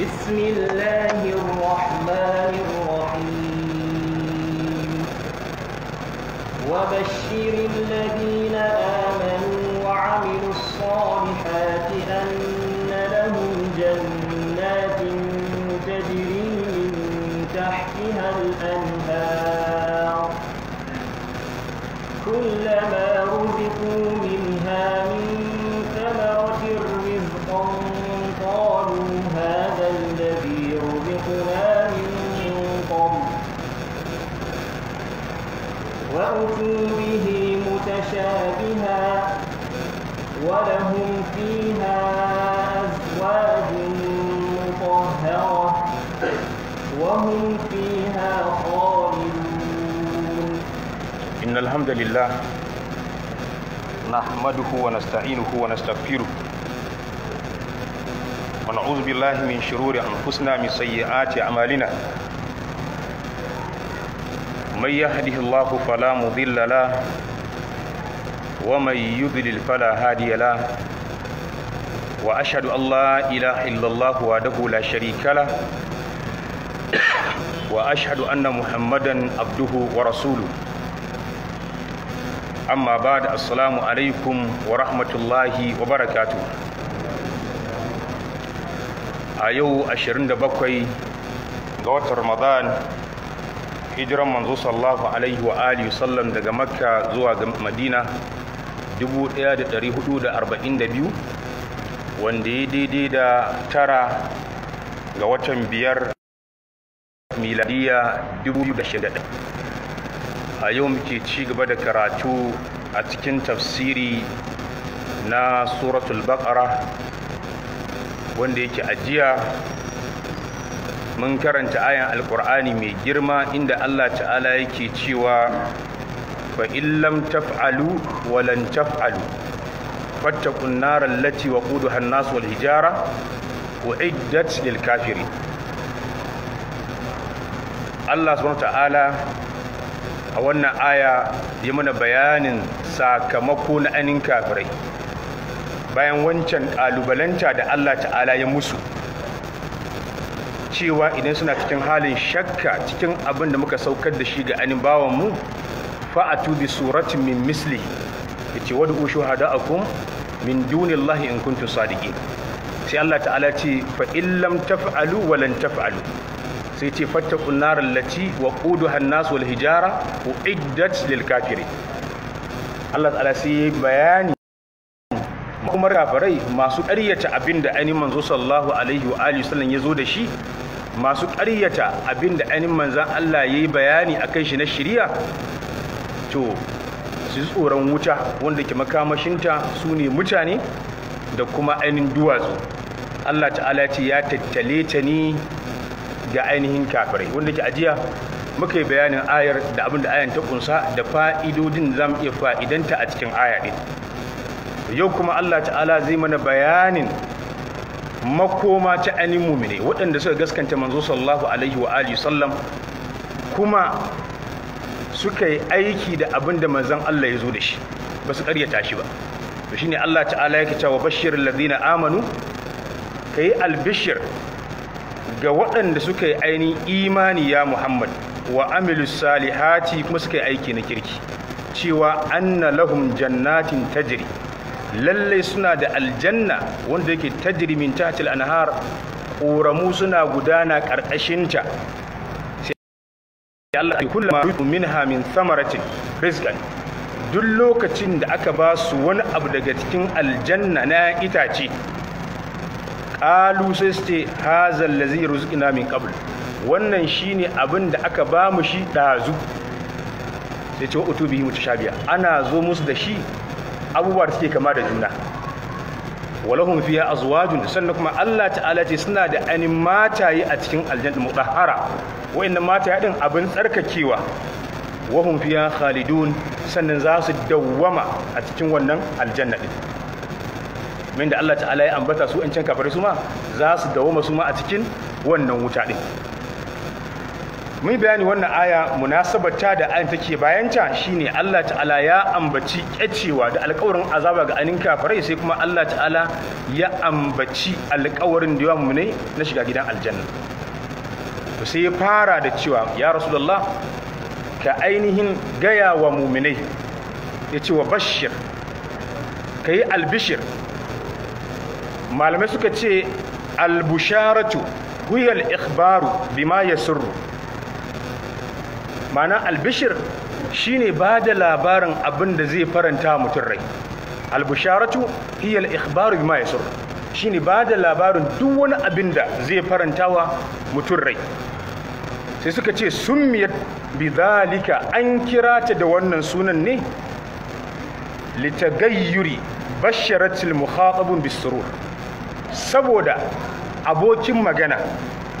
بسم الله الرحمن الرحيم وبشر الذين فأتوا به متشابها ولهم فيها أزواج مطهرة وهم فيها خالدون إن الحمد لله نحمده ونستعينه ونستغفره ونعوذ بالله من شرور أنفسنا من سيئات أعمالنا من يهده الله فلا مضل له ومن يضلل فلا هادي له وأشهد أن لا إله إلا الله وحده لا شريك له وأشهد أن محمدا عبده ورسوله أما بعد السلام عليكم ورحمة الله وبركاته a yau 27 ga watan ramadan hijiran manzo sallallahu alaihi wa alihi sallam daga makka zuwa ga madina 1442 wanda ya daidai da tara ga watan biyar miladiya 2006 a yau muke ci gaba da karatu a cikin tafsiri na suratul baqara wanda yake ajiya mun karanta ayan alkur'ani mai girma inda Allah ta'ala yake cewa fa illam taf'alu wa lan taf'alu fattaqun nar allati waquduha an-nas wal hijara uiddat lil kafirin Allah subhanahu ta'ala a wannan aya ya mana bayanin sakamako na anin kafirai bayan wancan kalubalanta da Allah ta'ala ya musu cewa idan suna cikin halin shakka cikin abin da muka saukar da shi ga anibawan mu fa'atu bi suratin min misli yace wad'u shuhada'akum min dunillahi in kuntu sadiqin sai Allah ta'ala ce fa illam taf'alu wa lan taf'alu sai ce fattaqun nar allati waquduha an-nas wal hijara uiddat lil kafirin Allah ta'ala sai bayani kuma kafirai masu ƙaryata abin da ainihin manzo sallallahu alaihi wa alihi wasallam ya zo da shi masu ƙaryata abinda ainihin manzan Allah ya yi bayani a kan shi na shirya to su tsoron wuta wanda ke makamashinta su ne mutane da kuma ainihin duwatsu Allah ta'ala ce ya tattale ta ni ga ainihin kafirai wanda ke ajiya muka yi bayanin ayar da abin da ayan ta kunsa da fa'idodin za mu iya fa'idanta a cikin aya ɗin yau kuma Allah ta'ala zai mana bayanin makoma ta ainihin mumine waɗanda suka gaskanta manzo sallallahu alaihi wa alihi sallam kuma suka yi aiki da abin da manzon Allah ya zo da shi ba su karyata shi ba to shine Allah ta'ala yake cewa bashir alladhina amanu kai albishir ga waɗanda suka yi ainihin imani ya Muhammad wa amilu salihati kuma suka yi aiki na kirki cewa anna lahum jannatin tajri Lallai suna da aljanna wanda yake tajri min anhar ƙoramu suna gudana ƙarƙashinta sai Allah ya kullama minha min samaratin rizqan duk lokacin da aka ba su wani abu daga cikin aljanna na itace qalu sai su ce hazal ruzqina min qabl wannan shine abin da aka ba mu shi dazu sai ce wa utubihi mutashabiya ana zo musu da shi abubuwa da suke kama da juna walahum fiha azwajun sannan kuma Allah ta'ala ce suna da anin mataye a cikin aljanna mutahhara wa'annan mataye din abin tsarkakewa wahum fiha khalidun sannan za su dawwama a cikin wannan aljanna din min da Allah ta'ala ya ambata su an can kafare su ma za su dawwama su ma a cikin wannan wuta din mun bayani wannan aya munasabata da ayin take bayanta shine Allah ta'ala ya ambaci kyacewa da alƙawarin azaba ga anin kafirai sai kuma Allah ta'ala ya ambaci alƙawarin da yawan na shiga gidan aljanna to sai ya fara da cewa ya rasulullah ka ainihin gaya wa muminai ya ce wa bashir ka yi albishir malamai suka ce albusharatu huyal ikhbaru bima yasurru ma'ana albishir shine ba da labarin abin da zai faranta mutum rai albisharatu hiya al-ikhbaru bima yasur shine ba da labarin duk wani abin da zai farantawa mutum rai sai suka ce summiyat bidhalika an kira ta da wannan sunan ne litagayyuri basharatil mukhatabun bisurur saboda abokin magana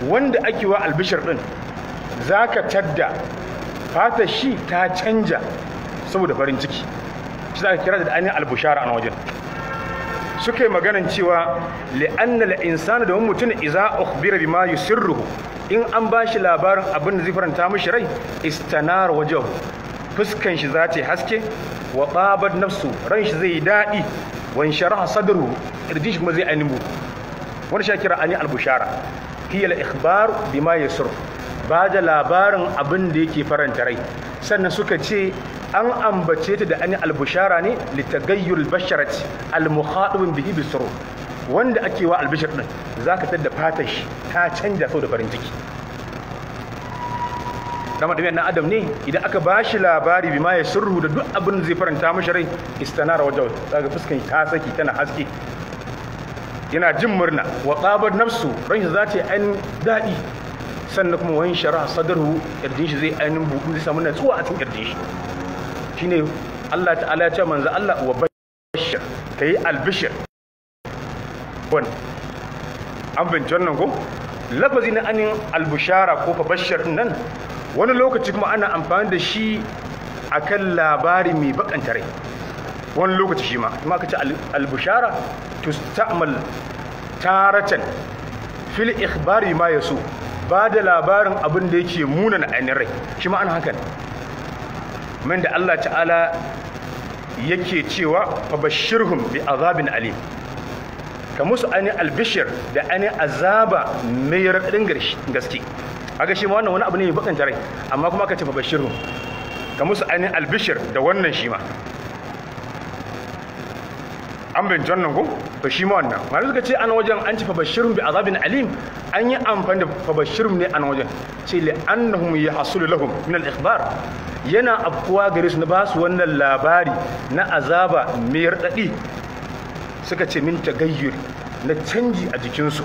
wanda ake wa albishir din zaka tadda fata shi ta canja saboda farin ciki shi za ka kira da ainihin albushara a wajen suka yi maganan cewa li'anna la'insana domin mutum iza ukhbira bima yusirruhu in an ba shi labarin abin da zai faranta mishi rai istanar wajahu fuskan shi za ta haske wa babar nafsu ran shi zai daɗi wan sharaha sadru irjin shi kuma zai ainihu wani shakira ani albushara hiya al-ikhbar bima yusirruhu ba da labarin abin da yake faranta rai sannan suka ce an ambace ta da an albushara ne litagayyul basharati almuhadibin bihi bisru wanda ake wa albishir din zaka tada fatar shi ta canja sau da farin ciki dama da na adam ne idan aka bashi labari bima ya yasru da duk abin zai faranta mashi rai istanara wajen zaka fuskan ta saki tana haske yana jin murna wa tsabar nafsu ran shi yi an daɗi sannan kuma wani shara sadarhu ƙirjin shi zai ainihin buɗu zai samu natsuwa a cikin ƙirjin shi shine Allah ta'ala ya ce manzo Allah wa bashir kai albishir bon an binci wannan ko lafazi na anin albushara ko fa bashir nan wani lokaci kuma ana amfani da shi akan labari mai bakanta rai wani lokaci shi ma kuma aka ce albushara tustamal taratan fil ikhbari ma yasu ba da labarin abin da yake munana ainihin rai shi ma ana hakan min da Allah ta'ala yake cewa fa bashirhum bi azabin alim ka musu ainihin albishir da ainihin azaba mai raɗin gaske haka shi ma wannan wani abu ne mai bakanta rai amma kuma ka ce fa bashirhum ka musu ainihin albishir da wannan shi ma an bincin wannan ko to shi ma wannan mana suka ce an wajen an ci fa bashirun bi azabin alim an yi amfani da fa bashirun ne an wajen ce li annahum yahsulu lahum min al ikhbar yana afkuwa gare su na ba su wannan labari na azaba mai radadi suka ce min tagayyur na canji a jikin su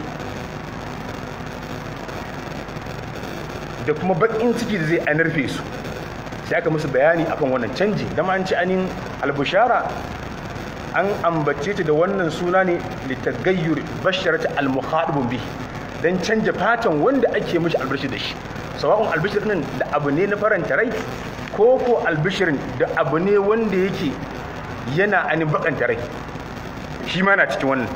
da kuma bakin ciki da zai anarfe su sai aka musu bayani akan wannan canji dama an ci anin albushara an ambace ta da wannan suna ne litagayyur bashar ta mukhadibun bi dan canja fatan wanda ake mishi albashir da shi sawa'un albashir nan da abu ne na faranta rai ko ko albashir da abu ne wanda yake yana anin bakanta rai shi ma na cikin wannan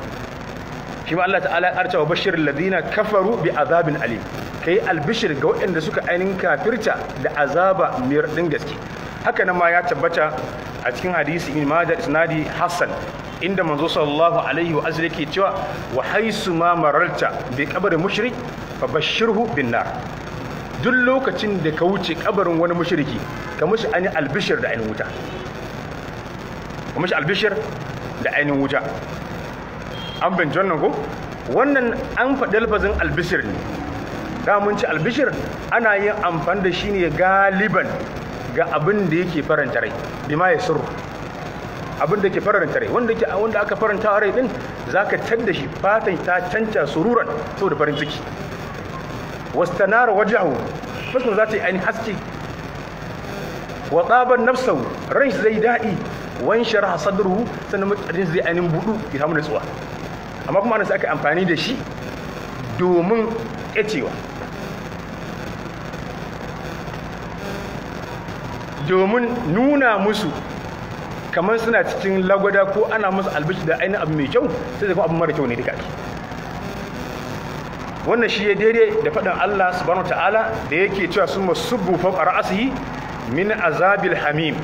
shi ma Allah ta'ala ya arca wa bashir ladina kafaru bi azabin alim kai albishir ga waɗanda suka ainihin kafirta da azaba mai ɗin gaske haka nan ma ya tabbata a cikin hadisi ibn majah isnadi hassan inda manzo sallallahu alaihi wa sallam yake cewa wa haisu ma maralta bi qabri mushrik fa bashirhu bin nar duk lokacin da ka wuce kabarin wani mushriki ka mushi ani albishir da ainihin wuta ka mushi albishir da ainihin wuta an ban wannan ko wannan an faɗi lafazin albishir ne da mun ci albishir ana yin amfani da shi ne galiban ga abin da yake faranta rai bima ya suru abin da ke faranta rai wanda wanda aka faranta rai din zaka tadda shi fatan ta canca sururan saboda farin ciki wastanar wajahu fuskar za ta yi ainihin haske wa tsaban ran shi zai daɗi wani sharaha sadruhu sannan mutane zai ainihin budu ya samu nutsuwa amma kuma ana sai aka amfani da shi domin ƙecewa domin nuna musu kamar suna cikin lagwada ko ana musu albishi da ainihin abu mai kyau sai zai kuma abu mara kyau ne duka wannan shi ya daidai da faɗin Allah subhanahu ta'ala da yake cewa sun masubbu fawqa min azabil hamim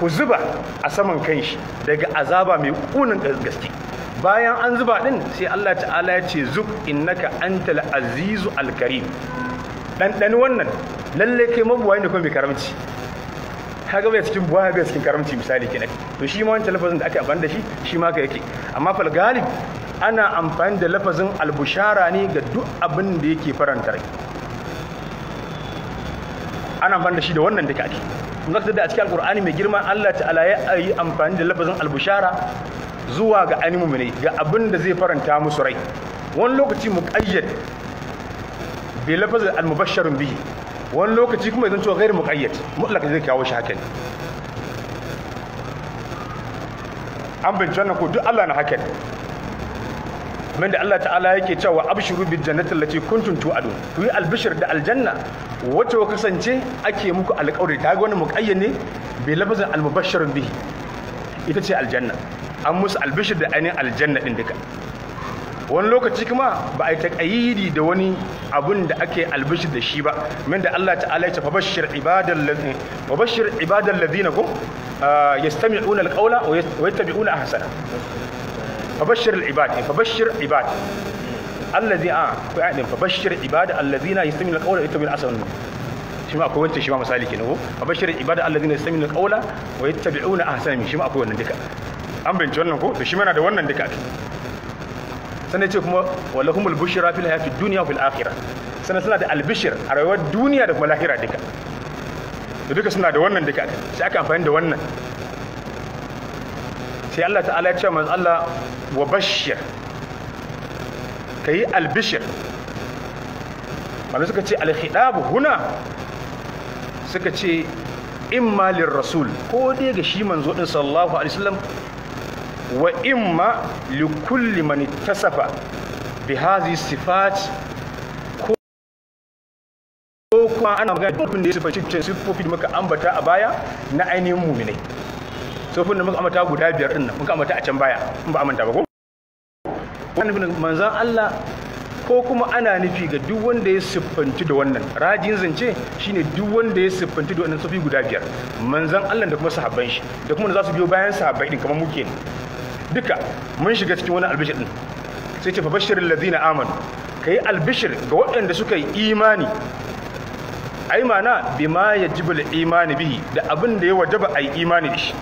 ku zuba a saman kan shi daga azaba mai kunin gaske bayan an zuba din sai Allah ta'ala ya ce zub innaka antal azizu alkarim dan dan wannan lalle kai mabuwa ne kuma mai karamci Ta bai cikin buwa bai cikin karamci misali kenan to shi ma wancan lafazin da ake amfani da shi shi ma ka yake amma fal galib ana amfani da lafazin albushara ne ga duk abin da yake faranta rai ana amfani da shi da wannan duka ake zaka da a cikin alkur'ani mai girma Allah ta'ala ya yi amfani da lafazin albushara zuwa ga ainihin mummune ga abin da zai faranta musu rai wani lokaci mu ƙayyade bi lafazin almubasharun bihi wani lokaci kuma yanzu cewa gairi muƙayyad mutlaka zai kawo shi haka an binci wannan ko duk Allah na haka ne da Allah ta'ala yake cewa abshiru bil jannati allati kuntum tu'adun ku yi albishir da aljanna wacce kasance ake muku alƙawari ta ga wani muƙayyan ne bi lafazin almubashsharun bihi ita ce aljanna an musu albishir da ainihin aljanna din duka wani lokaci kuma ba a yi taƙayyidi da wani abun da ake albishir da shi ba min da Allah ta'ala ya ce fabashir ibadan ladina fabashir ibadan ladina ko ah, yastami'una alqawla wa yattabi'una ahsana fabashir al-ibad fabashir ibad allazi a ah, ku ya din fabashir ibad allazina yastami'una alqawla wa yattabi'una ahsana shi ma akwai wancan shi ma misali kenan ko fabashir ibad allazina yastami'una alqawla wa yattabi'una ahsana shi ma akwai wannan duka an bince wannan ko to shi mana da wannan duka sannan ce kuma walahumul bushra fil hayati dunya fil akhirah sannan suna da albishir a rayuwar duniya da kuma lahira duka da duka suna da wannan duka sai aka amfani da wannan sai Allah ta'ala ya ce manzo Allah wa bashir kai albishir malamai suka ce alhidab huna suka ce imma lirrasul ko dai ga shi manzo din sallallahu alaihi wasallam wa imma likulli man tasafa bi hadhihi sifat ko kuma ana magana da mutum da ya sifa cikin sifofi da muka ambata a baya na ainihin muminai sifofin da muka ambata guda biyar din nan muka ambata a can baya in ba amanta ba ko wannan manzon Allah ko kuma ana nufi ga duk wanda ya siffanci da wannan rajin zance shine duk wanda ya siffanci da wannan sufi guda biyar manzan Allah da kuma sahabban shi da kuma za su biyo bayan sahabbai din kamar muke ne duka mun shiga cikin wani albishir din sai ce fa bashirin ladina amanu kai albishir ga waɗanda suka yi imani ai mana bima yajibu imani bihi da abin da ya wajaba ai imani da shi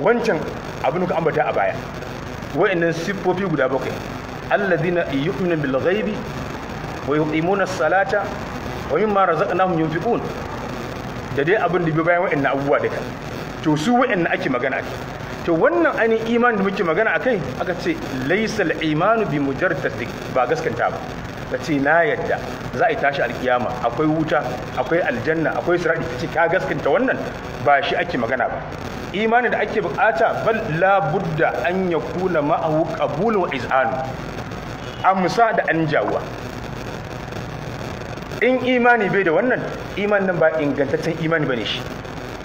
wancan abin ka ambata a baya wa'annan siffofi guda bakwai alladhina yu'minu bil ghaibi wa yuqimuna as-salata wa mimma razaqnahum yunfiqun da dai abin da bi bayan wa'annan abubuwa duka to su wa'annan ake magana ake to wannan ainihin iman da muke magana a kai aka ce laisal imanu bi mujartati ba gaskanta ba ka ce na yadda za a yi tashi alkiyama akwai wuta akwai aljanna akwai sirari ka ce ka gaskanta wannan ba shi ake magana ba imanin da ake bukata bal la budda an kula ma'ahu kabulu wa iz'anu amsa da an jawuwa in imani bai da wannan imanin ba ingantaccen imani ne shi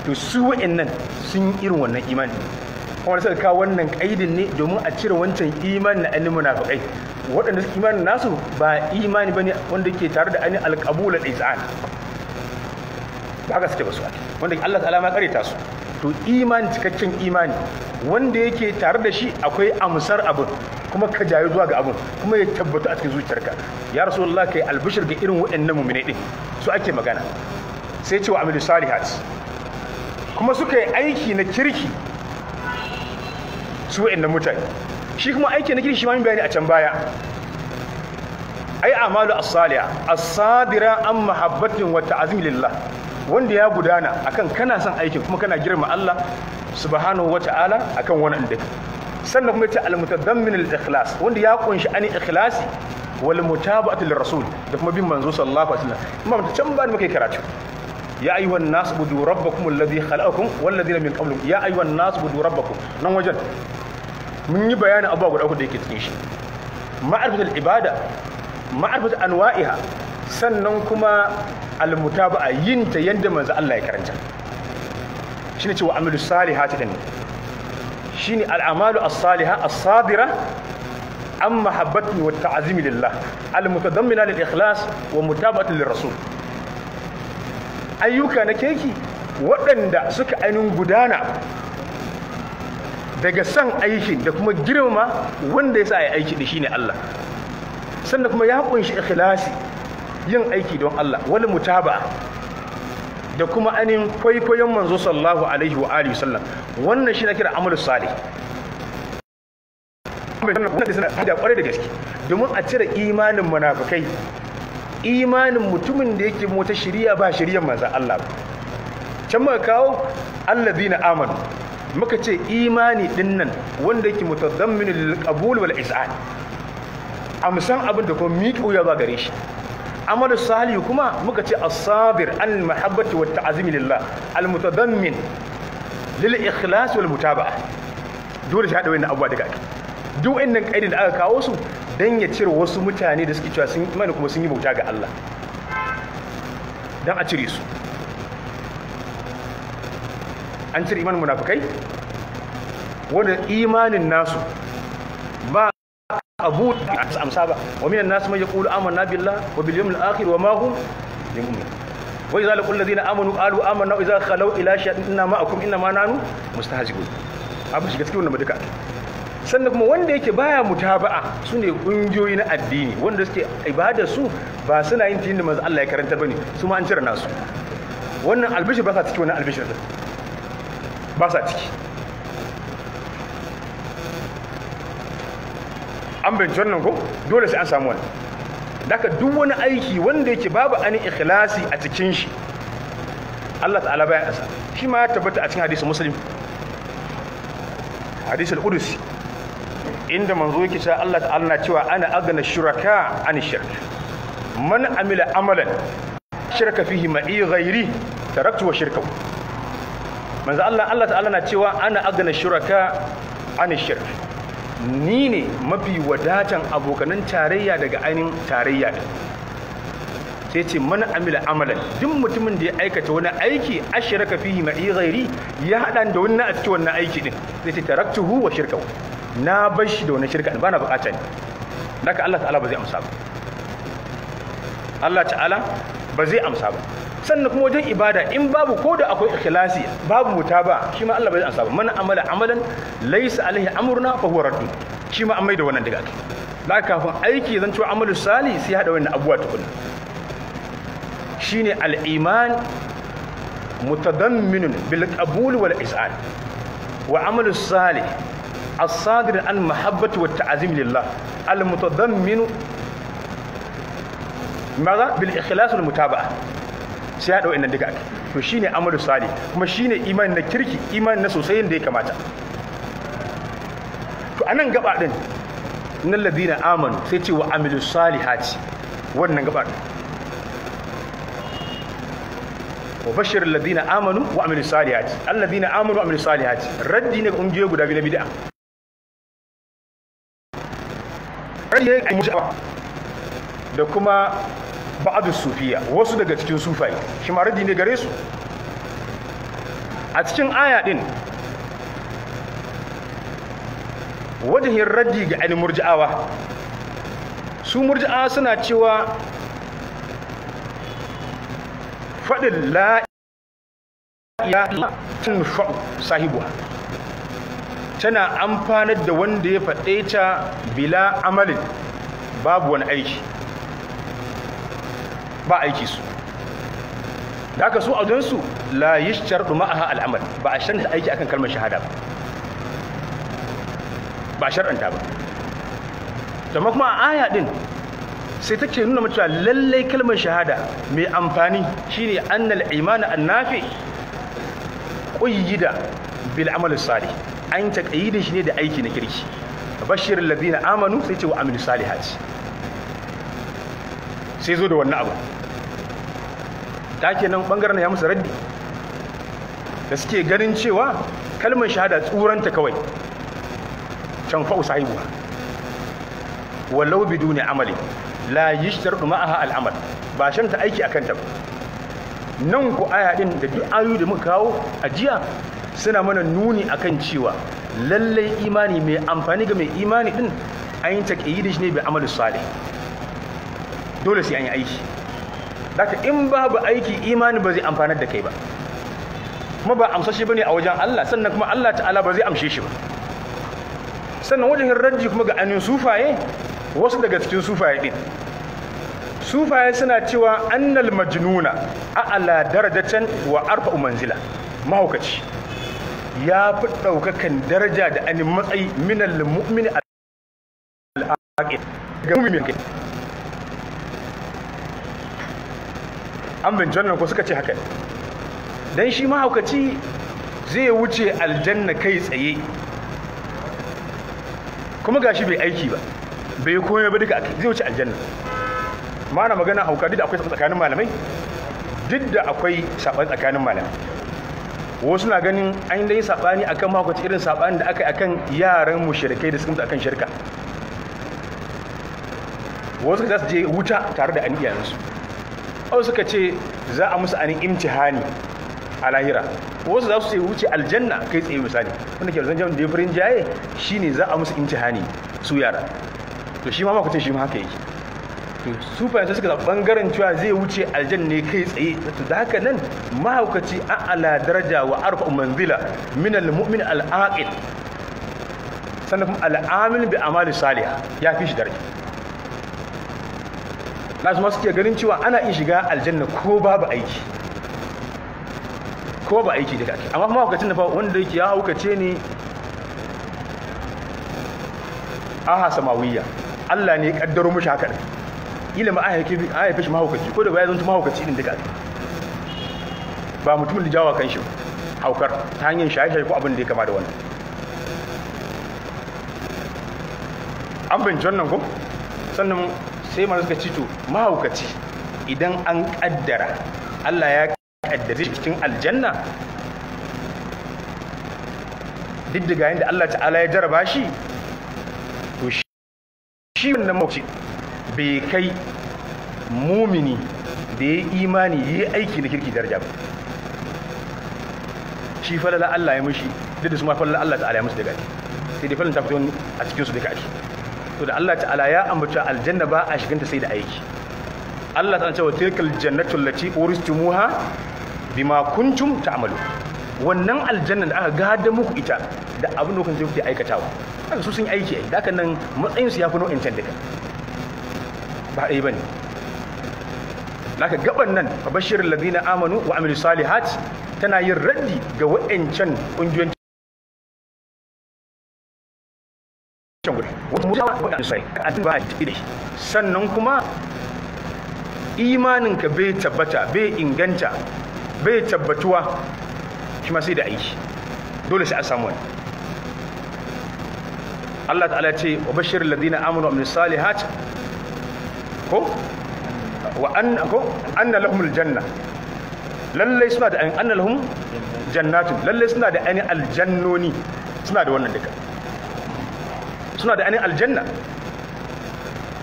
to su nan sun irin wannan imani wanda suka kawo wannan kaidin ne domin a cire wancan imani na ainihin munafiqai waɗanda suke imanin nasu ba imani bane wanda ke tare da ainihin alƙabula al-izan ba haka suke ba su wanda Allah ta'ala ma kareta su to imani cikakken imani wanda yake tare da shi akwai amsar abin kuma ka jayi zuwa ga abin kuma ya tabbata a cikin zuciyarka ya rasulullah kai albishir ga irin waɗannan mu'minai din su ake magana sai cewa amilu salihat kuma suka yi aiki na kirki su wa'annan mutane shi kuma aiki na kirki shi ma mun bayani a can baya ai amalu as-saliha as-sadira an mahabbatin wa ta'zim lillah wanda ya gudana akan kana son aikin kuma kana girma Allah subhanahu wa ta'ala akan wannan din sannan kuma yace al-mutadammin al-ikhlas wanda ya kunshi ani ikhlasi wal mutaba'ati lirrasul da kuma bin manzo sallallahu alaihi wasallam imam ta can ba muke karatu ya ayyuhan nas budu rabbakum alladhi khalaqakum wal ladina min qablikum ya ayyuhan nas budu rabbakum nan wajen mun yi bayanin abubuwa guda uku da yake cikin shi ma'arifatul ibada ma'arifatul anwa'iha sannan kuma almutaba'a yin ta yadda manzo Allah ya karanta shine cewa amilu salihati din shine al'amalu as Saliha as-sadira an mahabbati wa ta'azimi lillah al-mutadammina lil ikhlas wa mutaba'ati lir rasul ayyuka na keki waɗanda suka ainihin gudana daga son aikin da kuma girma wanda ya sa a aiki da shine Allah sannan kuma ya kunshi ikhlasi yin aiki don Allah wani mutaba da kuma anin kwaikwayon manzo sallallahu alaihi wa alihi sallam wannan shi na kira amalu salih suna da gaske domin a cire imanin munafukai, imanin mutumin da yake mota shiriya ba shiriyar manzan Allah ba, can ma kawo na amanu muka ce imani dinnan wanda yake mutadammin lil qabul wal iz'an amsan abin da kuma miƙo ya ba gare shi amalu salih kuma muka ce as-sabir an mahabbati wat ta'zim lillah al mutadammin lil ikhlas wal mutaba'a dole shi hada wannan abuwa daga duk wannan kaidin da aka kawo su dan ya cire wasu mutane da suke cewa sun imani kuma sun yi bauta ga Allah dan a cire su an cire imanin munafukai wanda imanin nasu ba abu da amsa ba wa minan nasu mai yaqulu amanna billah wa bil yawmil akhir wa ma hum za wa idza laqul ladina amanu qalu amanna wa idza khalaw ila shayatin inna ma'akum inna ma nanu mustahzi'un abu shiga cikin wannan duka sannan kuma wanda yake baya mutaba'a su ne ƙungiyoyi na addini wanda suke ibada su ba suna yin tini da manzo Allah ya karanta bane su ma an cire nasu wannan albishir ba sa cikin wannan albishir ba sa ciki an binci wannan ko dole sai an samu wani daga duk wani aiki wanda yake babu ani ikhlasi a cikin shi Allah ta'ala bayan asa shi ma ya tabbata a cikin hadisi muslim hadisi al-qudusi inda manzo yake cewa Allah ta'ala na cewa ana agana shuraka an shirk man amila amalan shirka fihi ma'i ghairi taraktu wa shirkahu manzo Allah Allah ta'ala na cewa ana agana shuraka ana shirk ni ne mafi wadatan abokanan tarayya daga ainihin tarayya din sai ce mana amila amalan duk mutumin da ya aikata wani aiki ashraka fihi ma'i ghairi ya hada da wani a cikin wannan aiki din sai ce taraktuhu wa shirkahu na bar shi da wani shirka ba na bukata ne haka Allah ta'ala ba zai amsa ba Allah ta'ala ba zai amsa ba sannan kuma wajen ibada in babu ko da akwai ikhlasi babu wuta ba shi ma Allah bai ansa ba mana amala amalan laysa alaihi amruna fa huwa raddu shi ma an mai da wannan daga ake da kafin aiki zan cewa amalu sali sai hada wannan abuwa tukunna shine al-iman mutadamminun bil qabul wal is'al wa amalu salih الصادر عن محبة والتعظيم لله المتضمن ماذا بالإخلاص والمتابعة sai ya ɗau inda duka to shine Amadu sali kuma shine iman na kirki iman na sosai yadda ya kamata to anan gaba ɗin na ladina amanu sai ce wa Sali Haci wannan gaba ɗin wa bashir ladina amanu wa amilu salihati alladina amanu wa amilu Haci raddi ne ƙungiyoyi guda biyu na bid'a raddi ne da kuma ba'adu sufiya wasu daga cikin sufai shi ma ne gare su a cikin aya din yin raddi ga ainihin murji'awa su murji'awa suna cewa faɗin la'iya tun fa'u sahibuwa tana amfanar da wanda ya faɗe ta bila amalin babu wani aiki ba aiki su da aka su a su la yi sharɗu ma'aha al'amal ba a sharɗa aiki akan kalmar shahada ba ba a sharɗanta ba zama kuma a aya ɗin sai take nuna mutuwa lallai kalmar shahada mai amfani shine annal imani annafi ƙuyyida bil amal salih an taƙayyidin shi ne da aiki na kirki bashirin ladina amanu sai ce wa amil salihaci sai zo da wannan abu ta nan bangaren ya musu raddi da suke ganin cewa kalmar shahada tsuranta kawai can fa'u sahibuwa bidu ne amali la yishtardu ma'aha al'amal ba shan ta aiki kan ta ba nan ku aya da duk ayu da muka kawo a jiya suna mana nuni akan cewa lallai imani mai amfani ga mai imani din an yi da shi ne bai amalin salih dole sai an yi aiki daga in babu aiki imani ba zai amfanar da kai ba kuma ba amsa shi ba ne a wajen Allah sannan kuma Allah ta'ala ba zai amshe shi ba sannan wajen hirarji kuma ga anin sufaye wasu daga cikin sufaye din sufaye suna cewa annal majnuna a'ala darajatan wa arfa manzila mahaukaci ya fi ɗaukakan daraja da anin matsayi minal mu'mini al-aqid ga mu'mini an binci wannan ko suka ce haka ne dan shi mahaukaci zai wuce aljanna kai tsaye kuma gashi bai aiki ba bai komai ba duka zai wuce aljanna mana magana hauka duk da akwai tsakanin malamai duk da akwai saɓan tsakanin malamai wasu na ganin an yi saɓani akan mahaukaci irin sabani da aka yi akan yaran mushrikai da suka mutu akan shirka wasu za su je wuta tare da an iyayensu wasu suka ce za a musu anin imtihani a lahira wasu za su ce wuce aljanna kai tsaye misali wanda ke zanjan da firin jaye shine za a musu imtihani su yara to shi ma makwacin shi ma haka yake to su fahimta suka zaɓi ɓangaren cewa zai wuce aljanna ne kai tsaye to da haka nan mahaukaci an ala daraja wa arfa manzila min al-aqil sannan kuma al'amil bi amali salih ya fi shi daraja nasu masu ke ganin cewa ana iya shiga aljanna ko babu aiki ko ba aiki da kake amma kuma hukacin da fa wanda yake ya haukace ne aha samawiyya Allah ne ya kaddaro mushi haka din ilimi a a haife shi mahaukaci ko da baya zanta mahaukaci din da kake ba mutumin da jawa kan shi haukar ta hanyar shaye-shaye ko abin da ya kama da wannan an bincin wannan ko sannan sai mara suka cito mahaukaci idan an kaddara Allah ya kaddare cikin aljanna duk da gayin da Allah ta'ala ya jaraba shi to shi wannan mahaukaci bai kai mumini da ya imani ya yi aiki na kirki daraja ba shi falala Allah ya mushi duk da su ma falala Allah ta'ala ya musu daga sai dai falala ta fito a cikin su ka shi to da Allah ta'ala ya ambata aljanna ba a shiganta sai da aiki Allah ta ce wa tilkal jannatu allati uristumuha bima kuntum ta'malu wannan aljanna da aka gada muku ita da abin da kun kuke aikatawa kaga su sun aiki ai dakan nan matsayin su yafi nau'in can duka ba dai bane naka gaban nan fa bashirin ladina amanu wa amilu salihat tana yin raddi ga wa'ancan kungiyoyin wancan wuri mujawa waɗansu sai addini ba da sannan kuma imaninka bai tabbata bai inganta bai tabbatuwa shi ma sai da aiki dole sai a samu wani Allah ta'ala ce wa bashir ladina amanu wa salihat ko wa anna ko anna lahumul janna lalle suna da anna lahum jannatun lalle suna da ainihin aljannoni suna da wannan dukkan. suna da ainihin aljanna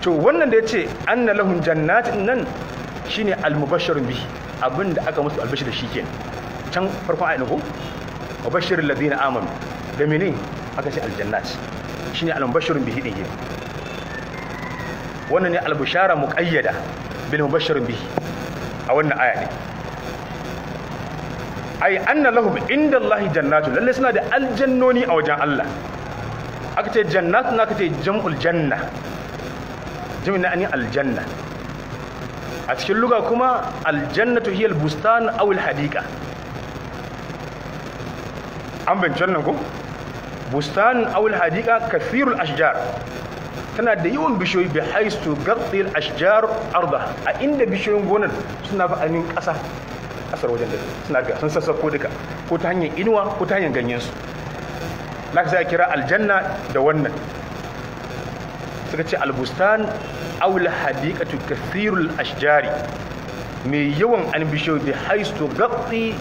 to wannan da ya ce an na lahun jannatin nan shine almubashirun bihi abinda aka musu albashi da shi ke can farkon ayin ko mubashirin ladina amanu da mene aka ce aljannat shine almubashirun bihi din wannan ne albushara muqayyada bil mubashirin bihi a wannan aya ne ai anna lahum inda Allah jannatu lallai suna da aljannoni a wajen Allah aka ce jannatu na aka ce jam'ul janna jami'in na'ani aljanna a cikin luga kuma aljannatu hiyal bustan awil hadika an bincin nan ko bustan awil hadika kafirul ashjar tana da yawan bishiyoyi bi haistu gatsil ashjar arda a inda bishiyoyin gonar suna ba amin kasa ƙasar wajen da suna ga sun sassako duka ko ta hanyar inuwa ko ta hanyar ganyensu. su na ka sai kira aljanna da wannan suka ce albustan awul hadiqatu kathirul ashjari mai yawan an bishiyo bi haistu gaqti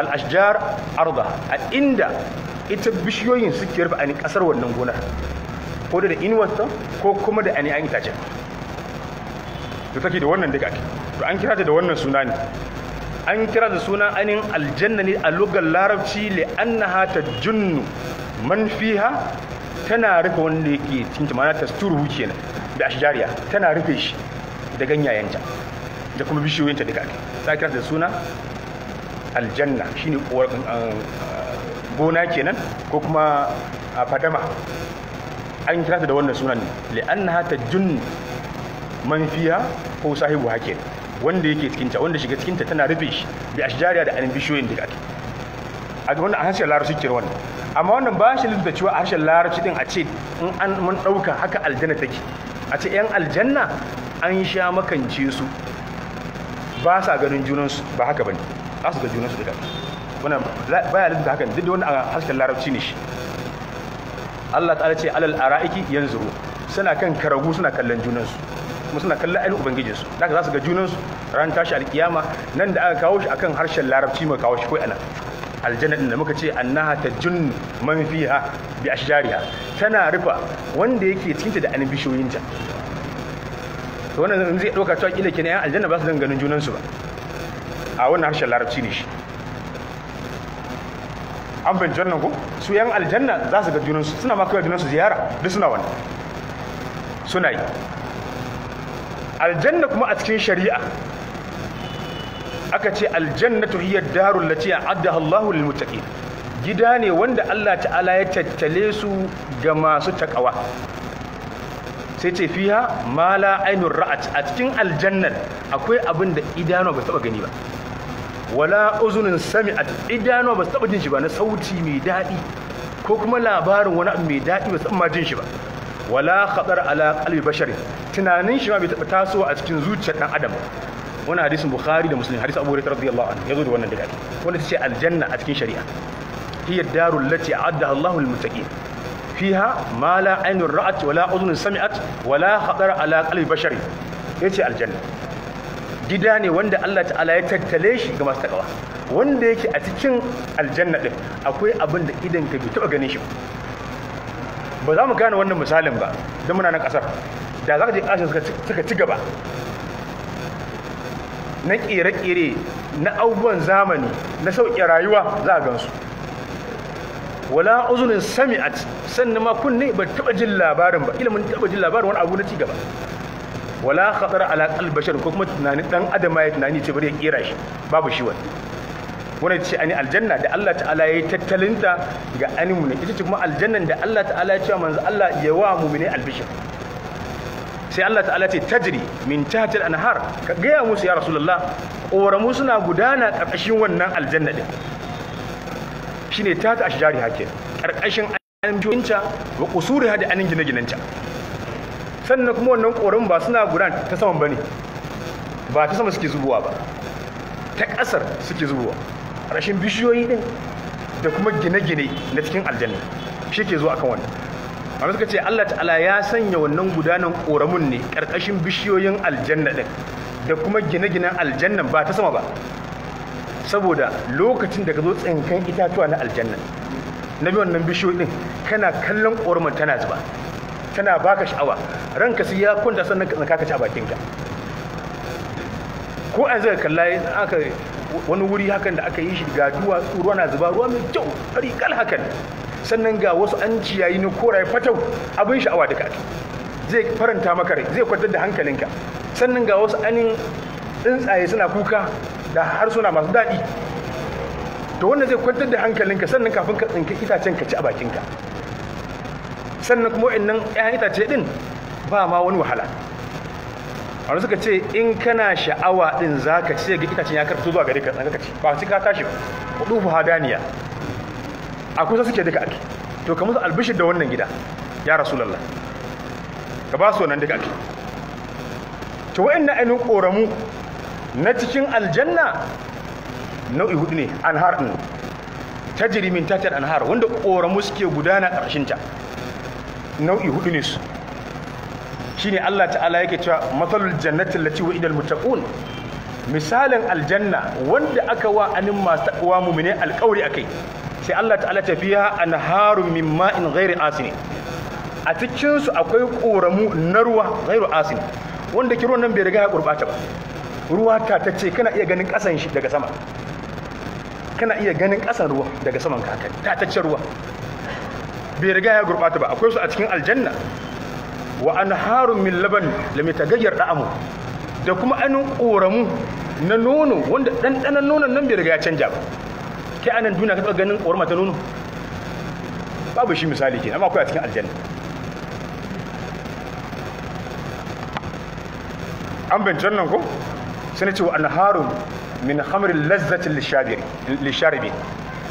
al ashjar arda a inda ita bishiyoyin suke rufe an kasar wannan gonar ko da inuwarta ko kuma da ani an tace to take da wannan duka to an kira ta da wannan suna ne an kira da suna anin aljanna ne a lugar larabci hata junnu man fiha tana rufe wanda yake mana ta sturu tasturu kenan da ashjariya tana rufe shi da ganyayenta da kuma bishiyoyinta duka ta kira da suna aljanna shine uwar um, uh, gona kenan ko kuma a uh, fadama an kira ta da wannan sunan ne hata junnu man fiha ko sahibu hakenan wanda yake cikin wanda shiga cikin ta tana rufe shi bi ashjariya da anin bishiyoyin da kake a ga wannan a harshen larabci ke wannan amma wannan ba shi da cewa a harshen larabci din a ce in an mun dauka haka aljanna take a ce yan aljanna an sha makance su ba sa ganin junansu ba haka bane za su ga junansu da kake wannan ya da haka duk da wannan a harshen larabci ne shi Allah ta'ala ce alal ara'iki yanzu suna kan karagu suna kallon junansu kuma suna kallon ainihin ubangijinsu da za su ga junansu ran tashi alkiyama nan da aka kawo shi akan harshen larabci mai kawo shi ko ana aljanna din da muka ce annaha jun man fiha bi ashjariha tana rufa wanda yake cikinta da anbishoyinta to wannan zai dauka cewa kila kenan aljanna ba su ganin junansu ba a wannan harshen larabci ne shi an bin jannan ko su yan aljanna za su ga junansu suna ma kawai junansu ziyara duk suna wannan suna yi aljanna kuma a cikin shari'a aka ce aljannatu hiya darul lati a'addaha Allahu lil gida ne wanda Allah ta'ala ya tattale su ga masu takawa sai ce fiha ma la ra'at a cikin aljannan akwai abin da idanu ba taba gani ba wala uzunin sami'at idanu ba taba jin shi ba na sauti mai daɗi ko kuma labarin wani abu mai daɗi ba taba jin shi ba wala khatar ala qalbi bashari tunanin shi ma bai taba tasowa a cikin zuciyar dan adam wannan hadisin bukhari da muslim hadisi abu hurairah radiyallahu anhu yazo da wannan daga wanda tace aljanna a cikin shari'a hiya darul lati adda Allahu lil muttaqin fiha ma la ra'at wala udhun sami'at wala khatar ala qalbi bashari yace aljanna gida ne wanda Allah ta'ala ya tattale shi ga masu takawa wanda yake a cikin aljanna din akwai abin da idan ka bi taba ganin shi ba za mu gane wannan misalin ba don muna nan kasar da za ka je ashe suka ci gaba na kere-kere na abubuwan zamani na sauƙi rayuwa za a gansu wala uzunin sami'at sannan ma kunne ba taɓa jin labarin ba ilimin taɓa jin labarin wani abu na ci gaba wala khatar ala kalbashar ko kuma tunanin dan adam ya tunani ce bari ya kera shi babu shi wani Wani ce ani aljanna da Allah ta'ala yi tattalinta ga ani mu'min ita ce kuma aljannan da Allah ta'ala ya ce manzo Allah ya wa mu'mini albishir sai Allah ta'ala ce tajri min tahtil anhar ka gaya musu ya rasulullah ƙoramu suna gudana ƙarƙashin wannan aljanna din shine ta ta ashjari hake ƙarƙashin anjoyinta wa qusuriha da anin gine-ginenta sannan kuma wannan ƙoramu ba suna gudana ta saman bane ba ta sama suke zubowa ba ta ƙasar suke zubowa rashin bishiyoyi din da kuma gine-gine na cikin aljanna shi ke zuwa kan wannan amma suka ce Allah ta'ala ya sanya wannan gudanar ƙoramun ne ƙarƙashin bishiyoyin aljanna din da kuma gine-ginen aljannan ba ta sama ba saboda lokacin da ka zo tsinkan itatuwa na aljanna na bi wannan bishiyoyi din kana kallon ƙoramun tana zuba tana baka sha'awa ranka sai ya kwanta sannan ka tsinka ka ci a bakinka ko an zai kalla aka wani wuri hakan da aka yi shi ga duwatsu ruwa na zuba ruwa mai kyau fari kal hakan sannan ga wasu an ciyayi na koraye fatau abin sha'awa da kaki zai faranta maka rai zai kwantar da hankalinka sannan ga wasu anin tsuntsaye suna kuka da harsuna masu daɗi to wannan zai kwantar da hankalinka sannan kafin ka tsinka itacen ka ci a bakinka sannan kuma waɗannan 'ya'yan itace din ba ma wani wahala wanda suka ce in kana sha'awa din za ka ci ga itacen ya karfi zuwa gare ka tsanka ci ba ci ka tashi ba dufu hadaniya a kusa suke duka ake to ka musu albishir da wannan gida ya rasulullah ka ba su wannan duka ake to na ainihin koramu na cikin aljanna nau'i hudu ne anhar ta jirimin min an anhar wanda koramu suke gudana ƙarshen ta nau'i hudu ne su shine Allah ta'ala yake cewa matsalul jannati allati wa'ida almuttaqun misalin aljanna wanda aka wa anin masu takwa mu'mine alƙawari akai sai Allah ta'ala ta fiya anharun min ma'in ghairi asin a cikin su akwai ƙoramu na ruwa ghairu asin wanda ki ruwan nan bai riga ya gurbata ba ruwa ta ta ce kana iya ganin ƙasan shi daga sama kana iya ganin ƙasan ruwa daga saman ka ta ta ce ruwa bai riga ya gurbata ba akwai su a cikin aljanna wa anharun min laban mai tagayyar da'amu da kuma ainihin ƙoramu na nono wanda ɗanɗanon nonon nan bai riga ya canja ba kai anan duniya ka taɓa ganin ƙorama ta nono babu shi misali ke amma akwai a cikin aljanna an bincin nan ko sai na ce wa anharun min hamrin lazzatin lisharibi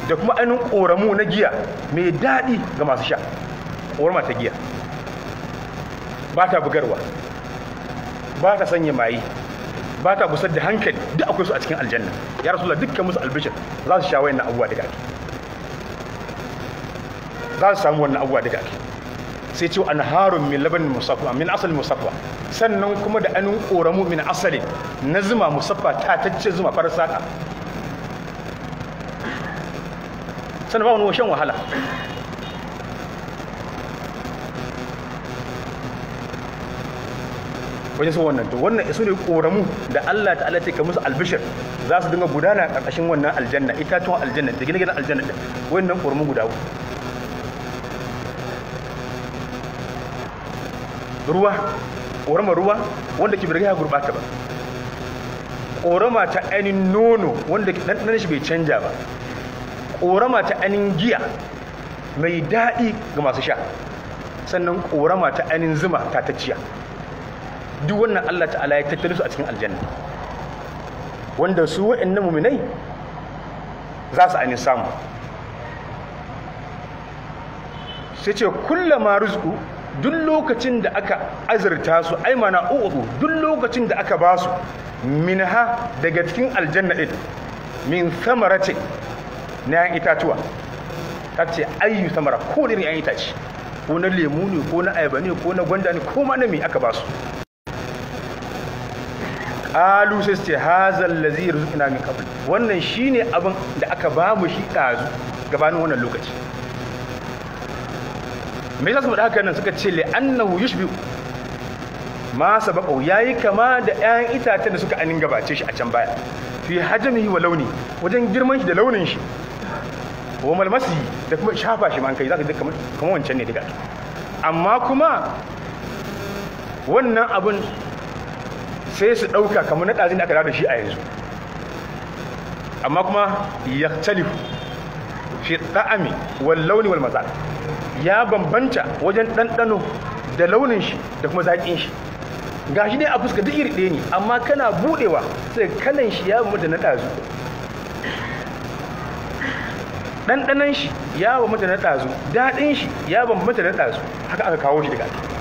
da kuma ainihin ƙoramu na giya mai daɗi ga masu sha ƙorama ta giya ba ta bugarwa ba ta sanya maye ba ta busar da hankali duk akwai su a cikin aljanna ya rasu dukkan musu albishir za su sha wayannan abubuwa daga ake za su samu wannan abubuwa daga ake sai ce an harun min laban musaffa min asalin musaffa sannan kuma da anin koramu min asali na zuma musaffa ta tacce zuma farar saka sannan ba wani shan wahala wajen su wannan to wannan su ne koramu da Allah ta'ala ce ka musu albishir za su dinga gudana karkashin wannan aljanna ita itatuwan aljanna da gina gina aljanna din wannan koramu guda ruwa koramar ruwa wanda ke birgaya gurbata ba korama ta ainihin nono wanda ɗanɗan shi bai canja ba korama ta ainihin giya mai daɗi ga masu sha sannan korama ta ainihin zuma ta ciya. duk wannan Allah ta'ala ya tattali su a cikin aljanna wanda su wa'annan muminai za su ainihin samu sai ce kullama rizku duk lokacin da aka azurta su ai mana uku duk lokacin da aka ba su minha daga cikin aljanna din min samarati na yan itatuwa ta ce ayyu samara ko irin yan itace ko na lemu ne ko na ayaba ne ko na gwanda ne ko ma na me aka ba su kalu sai ce hazal ladzi rizqina min qabl wannan shine abin da aka ba mu shi kazu gabanin wannan lokaci me yasa saboda haka nan suka ce li annahu yushbi ma sabaqu yayi kama da 'ya'yan itacen da suka anin gabace shi a can baya fi hajmihi wa launi wajen girman shi da launin shi wa malmasi da kuma shafa shi man kai zaka ji kamar kamar wancan ne duka amma kuma wannan abun sai su ɗauka kamar na ɗazin da aka da shi a yanzu amma kuma ya talifu shi ɗa'ami wal launi wal matsala ya bambanta wajen ɗanɗano da launin shi da kuma zaƙin shi ga shi ne a fuska duk iri ɗaya ne amma kana buɗewa sai kalan shi ya bambanta na ɗazu ɗanɗanon shi ya bambanta na ɗazu daɗin shi ya bambanta na ɗazu haka aka kawo shi daga ake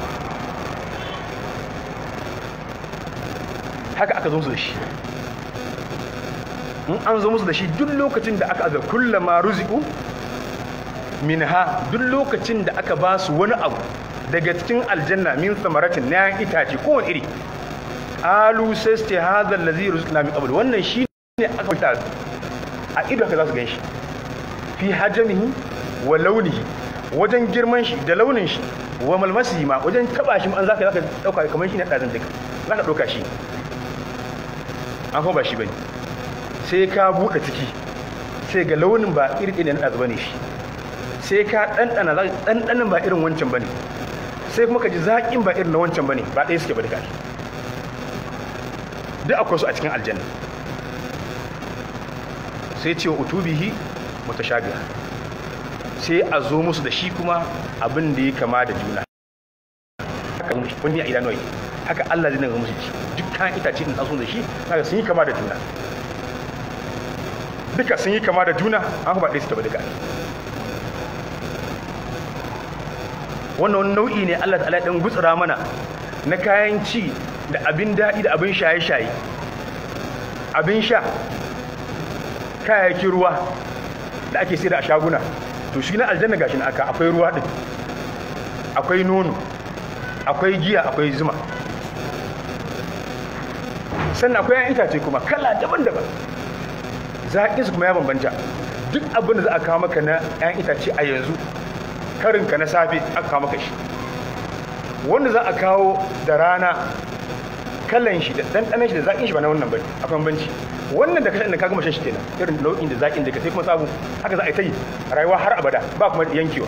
haka aka zo musu da shi in an zo musu da shi duk lokacin da aka aza kullama ruziku minha duk lokacin da aka ba su wani abu daga cikin aljanna min samaratin na itace kowane iri alu sai su ce lazi allazi na min abu wannan shi ne aka wuta a ido haka za su ganshi fi hajamihi wa launihi wajen girman shi da launin shi wa malmasi ma wajen taba shi ma an za ka dauka kamar shi ne ɗazin duka Za ka dauka shi an ba shi bane sai ka buɗe ciki sai ga launin ba iri ɗin na ɗazu bane shi sai ka ɗanɗana ɗanɗanin ba irin wancan bane sai kuma ka ji zaƙin ba irin na wancan bane ba ɗaya suke ba duka duk akwai su a cikin aljanna sai ce wa utubihi mutashabiha sai a zo musu da shi kuma abin da ya kama da juna haka a haka Allah zai ga musu duk kayan itace din taso da shi kaga sun yi kama da juna duka sun yi kama da juna an ba ɗaya su taɓa duka wannan wani nau'i ne Allah ta'ala ɗan gutsura mana na kayan ci da abin daɗi da abin shaye-shaye abin sha kayayyakin ruwa da ake sai da a shaguna to shi na aljanna gashi na aka akwai ruwa ɗin akwai nono akwai giya akwai zuma sannan akwai 'yan itace kuma kala daban-daban zaƙin su kuma ya bambanta duk abin da za a kawo maka na 'yan itace a yanzu karinka na safe a kawo maka shi wanda za a kawo da rana kalan shi da ɗanɗanan shi da zaƙin shi ba na wannan bane akwai bambanci wannan da kashin da ka gama shan shi kenan irin nau'in da zaƙin da ka sai kuma sabu haka za a yi ta yi rayuwa har abada ba kuma yankewa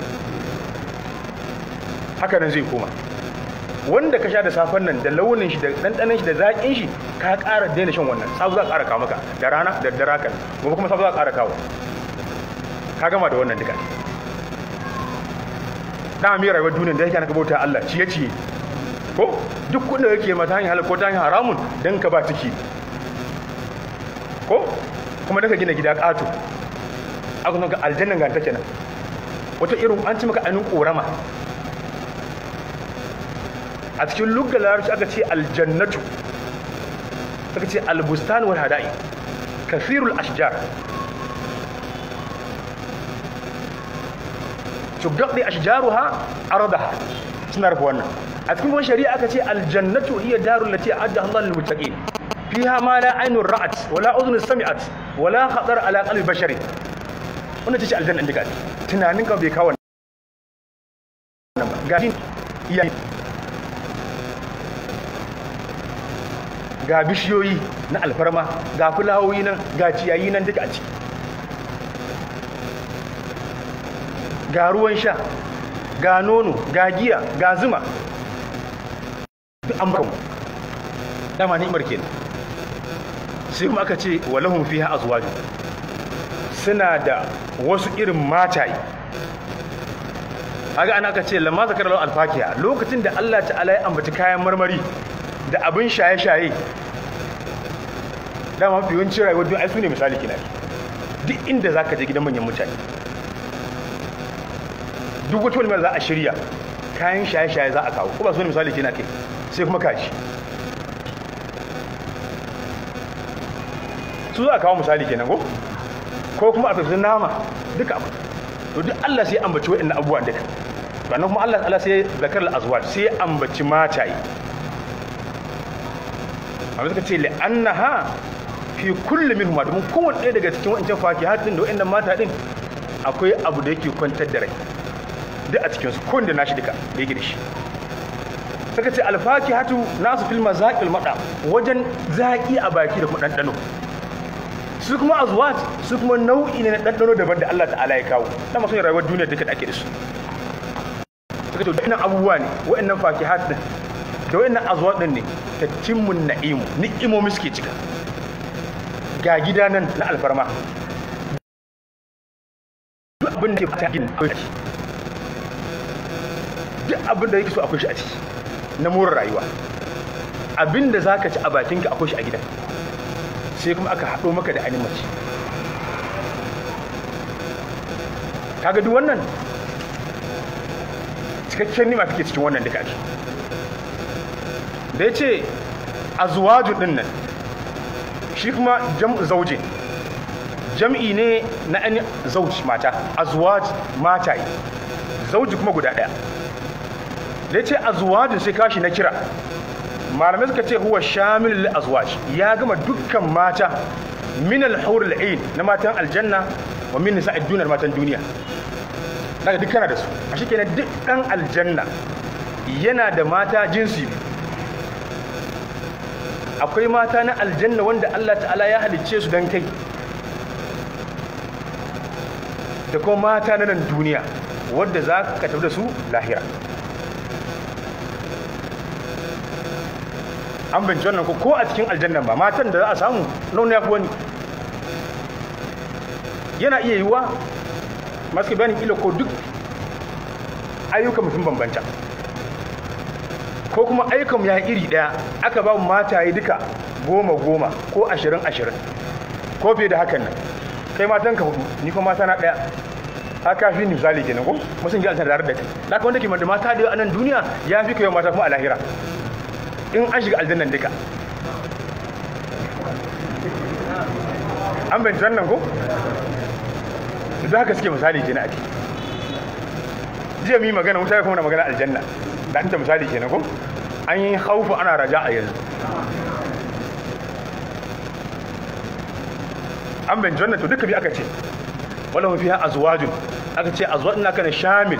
haka nan zai koma wanda ka sha da safen nan da launin shi da ɗanɗanon shi da zaƙin shi ka ƙara daina shan wannan sabu za a ƙara kawo maka da rana da dare kan gobe kuma sabu za a ƙara kawo ka gama da wannan duka dama mai rayuwar duniya, da yake ka bauta Allah ciye ciye ko duk kuɗin da yake mata hanyar halal ko ta hanyar haramun dan ka ba ciki ko kuma ka gina gida ƙato a kuma ga aljannan ta kenan wata irin an ci maka ainihin ƙorama a cikin lugar larabci aka ce aljannatu aka ce albustan wal hada'i kasirul ashjar tugdaqdi ashjaruha aradaha suna rufe wannan a cikin wani shari'a aka ce aljannatu hiya darul lati adda Allah lil muttaqin fiha ma la aynun ra'at wala udhun sami'at wala khatar ala qalbi bashari wannan ce aljanna indika tunanin ka bai kawo wannan ba gashi iyaye ga bishiyoyi na alfarma ga fulawoyi nan ga ciyayi nan duka a ciki ga ruwan sha ga nono ga giya ga zuma duk an barmu dama ni'imar kenan sai kuma aka ce walahum fiha azwaju suna da wasu irin A aga ana aka ce lamma zakar al-fakiha lokacin da Allah ta'ala ya ambaci kayan marmari da abin shaye-shaye da mafi yawancin rayuwar duniya su ne misali kina duk inda za ka je gidan manyan mutane duk wata walmar za a shirya kayan shaye-shaye za a kawo ko ba su ne misali kina kai sai kuma kashi su za a kawo misali kenan ko ko kuma a tafi nama duka abu to duk Allah sai ambaci wa'annan abubuwan duka sannan kuma Allah Allah sai zakar al-azwaj sai ambaci mataye amma suka ce ha fi min huma domin kowanne ɗaya daga cikin wancan faki din da wa'in mata ɗin akwai abu da yake kwantar da rai duk a cikin su kowanne da nashi duka da yake da shi suka ce alfaki hatu nasu filma zaƙil maɗa wajen zaƙi a baki da kuma ɗanɗano su kuma azwat su kuma nau'i ne na ɗanɗano daban da Allah ta'ala ya kawo masu yin rayuwar duniya duka da ake da su suka ce waɗannan abubuwa ne waɗannan fakihat din da wayannan azuwa din ne tatimmun na'imu ni'imomi suke cika ga gida nan na alfarma duk abin da ke fata gina akwai shi duk abin da yake so akwai shi a ciki na more rayuwa abin da za ka ci a bakinka akwai shi a gidan sai kuma aka haɗo maka da animaci kaga duk wannan cikakken nima kake cikin wannan duka ake da ya ce zuwa din nan shi kuma zauje jam'i ne na yan zauji mata a zuwa mata yi zauji kuma guda ɗaya da ya ce azwajin sai kashi na kira malamai suka ce huwa shamil lil azwaj ya gama dukkan mata min al hur na matan aljanna wa min nisa ad matan duniya daga duk kana da su a shikenan duk dan aljanna yana da mata jinsi biyu akwai mata na aljanna wanda Allah ta'ala ya halicce su don kai da kuma mata na nan duniya wadda za ka tafi da su lahira an binci wannan ko a cikin aljanna ba matan da za a samu launin ya fi wani yana iya yiwuwa masu bayanin ilo ko duk ayyukan mutum bambanta ko kuma ayyukan ya iri ɗaya aka ba mu mataye duka goma goma ko ashirin ashirin ko fiye da hakan nan kai matan ka hudu ni kuma mata na ɗaya a fi ni misali kenan ko musun ji an tare da kai laka wanda ke da mata da a nan duniya ya fi kai mata kuma a lahira in an shiga aljannan duka an bai nan ko da haka suke misali kenan ake jiya mi magana wuta ya kuma magana aljanna da an ta misali kenan ko an yi haufu ana raja a yanzu an bin janna to duka bi aka ce wala mu fiha azwajun aka ce azwajun aka na shamil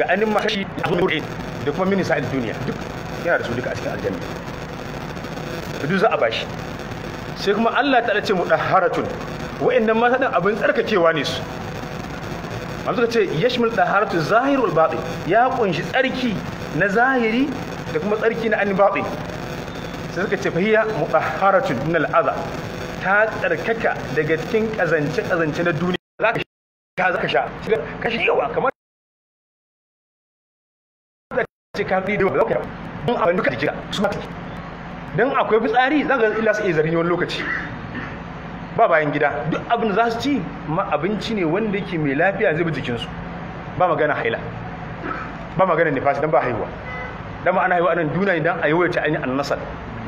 ga anin makashi azwajun da kuma min sa'il duniya duk yana da su duka a cikin aljanna da duk za a bashi sai kuma Allah ta ce mudahharatun wa'annan mata din abin tsarkakewa ne su manzo ta ce yashmul taharatu zahirul batin ya kunshi tsarki na zahiri da kuma tsarki na an batin sai suka ce fahiya mutahharatun min adha ta tsarkaka daga cikin kazance kazance na duniya za ka sha za ka sha ka shi yawa kamar ce ka fi da za ka yi don akwai fitsari za ka illa su iya zargin wani lokaci ba bayan gida duk abin da za su ci ma abinci ne wanda ke mai lafiya zai bi jikinsu ba magana haila ba magana nifasi dan ba haihuwa dan ma ana haihuwa nan duniya idan a yawaita an yi annasar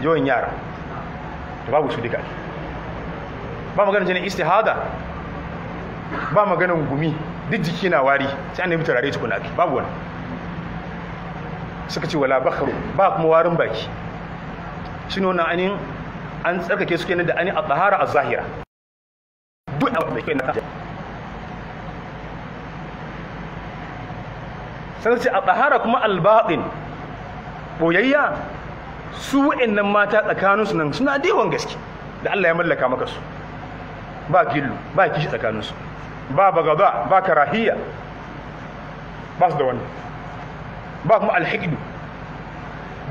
yawan yara to babu su duka ba magana jinin istihada ba magana gumi duk jiki na wari sai an yi turare tukuna ake babu wani suka ce wala bakharu ba kuma warin baki shine wannan ainihin an tsarkake su kenan da ani a tsahara a zahira duk abu da ke na sai ce a tsahara kuma albaɗin ɓoyayya su wa'annan mata tsakaninsu nan suna da gaske da Allah ya mallaka maka su ba gillu ba kishi tsakaninsu ba bagada ba karahiyya ba su da wannan ba kuma alhikidu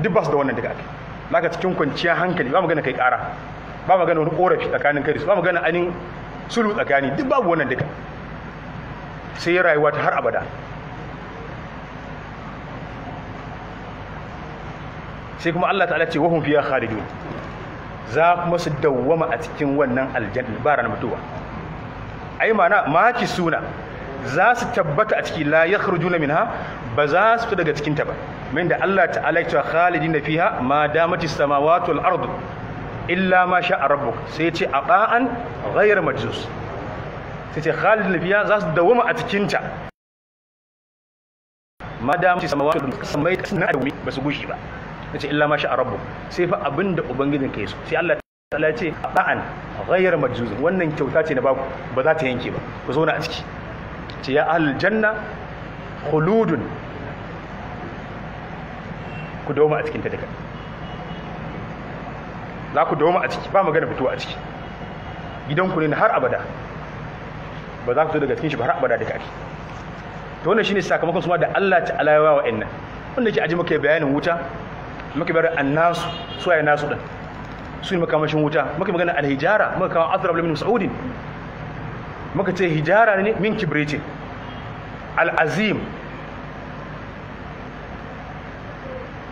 duk ba su da wannan daga ake naka cikin kwanciyar hankali ba magana kai kara ba magana wani korafi tsakanin kai ba magana anin sulu tsakani duk babu wannan duka sai ya rayuwa ta har abada sai kuma Allah ta'ala ce wahum fiya khalidun za kuma su dawwama a cikin wannan aljanna ba ran mutuwa ai mana maki suna za su tabbata a ciki la yakhrujuna minha ba za su fita daga cikin ta ba min da Allah ta'ala ya ce khalidina fiha ma damati samawati wal ardu illa ma sha rabbuk sai ya ce aba'an ghayr majus sai ce khalidin fiha za su dawama a cikin ta ma damati samawati wal ardu samai na adumi ba su gushi ba ce illa ma sha rabbuk sai fa abinda ubangijin ka yaso sai Allah ta'ala ya ce aba'an ghayr majus wannan kyauta ce na baku ba za ta yanke ba ku zauna a ciki ce ya janna khuludun ku doma a ta daga za ku doma a ciki ba magana fito a ciki ku ne har abada ba za ku zo daga cikin shi ba har abada daga ake to wannan shine sakamakon suma da Allah ta'ala alayawa wa inna wanda ke aji maka bayanin wuta maka bayar annasu suwaye nasu din su ne makamashin wuta maka magana alhijara maka kawo azrab ibn sa'udin muka ce hijara ne min kibre ce al'azim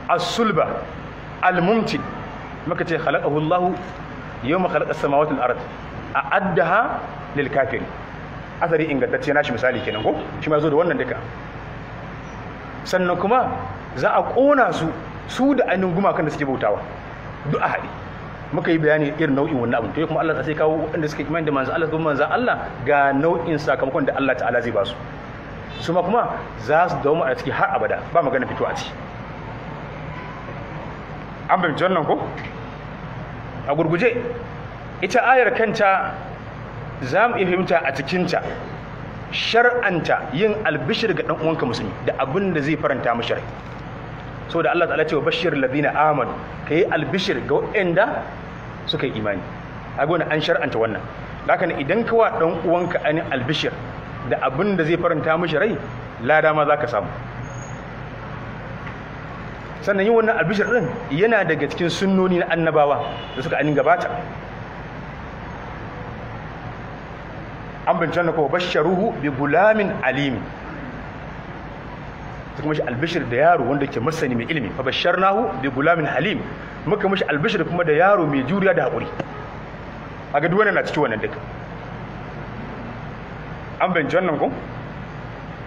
asulba sulba al-mumti muka ce khalaqahu Allah yawma khalaqa as-samawati wal ard a'addaha lil kafir asari ingantacce nashi misali kenan ko shi ma zo da wannan duka sannan kuma za a kona su su da ainihin gumakan da suke bautawa duk a haɗi muka yi bayani irin nau'in wannan abin to kuma Allah sai kawo wanda suka imani da manzo Allah kuma manzo Allah ga nau'in sakamakon da Allah ta'ala zai ba su su ma kuma za su dawo a ciki har abada ba magana fito a ciki an jannan ko a gurguje ita ayar kanta za mu iya fahimta a cikinta shar'anta yin albishir ga ɗan uwanka musulmi da abin da zai faranta mu rai so da Allah ta'ala ce wa bashir ladina amanu kai albishir ga waɗanda suka yi imani a gona an shar'anta wannan laka ne idan kawa ɗan uwanka an albishir da abin da zai faranta mashi rai lada ma ka samu sannan yin wannan albishir din yana daga cikin sunnoni na annabawa da suka anin gabata an bincin da basharuhu bi gulamin alimi ta kuma shi albishir da yaro wanda ke masani mai ilimi fa basharnahu bi gulamin halim muka mishi albishir kuma da yaro mai juriya da haƙuri a ga duwane na ciki wannan duka an bayanci wannan ko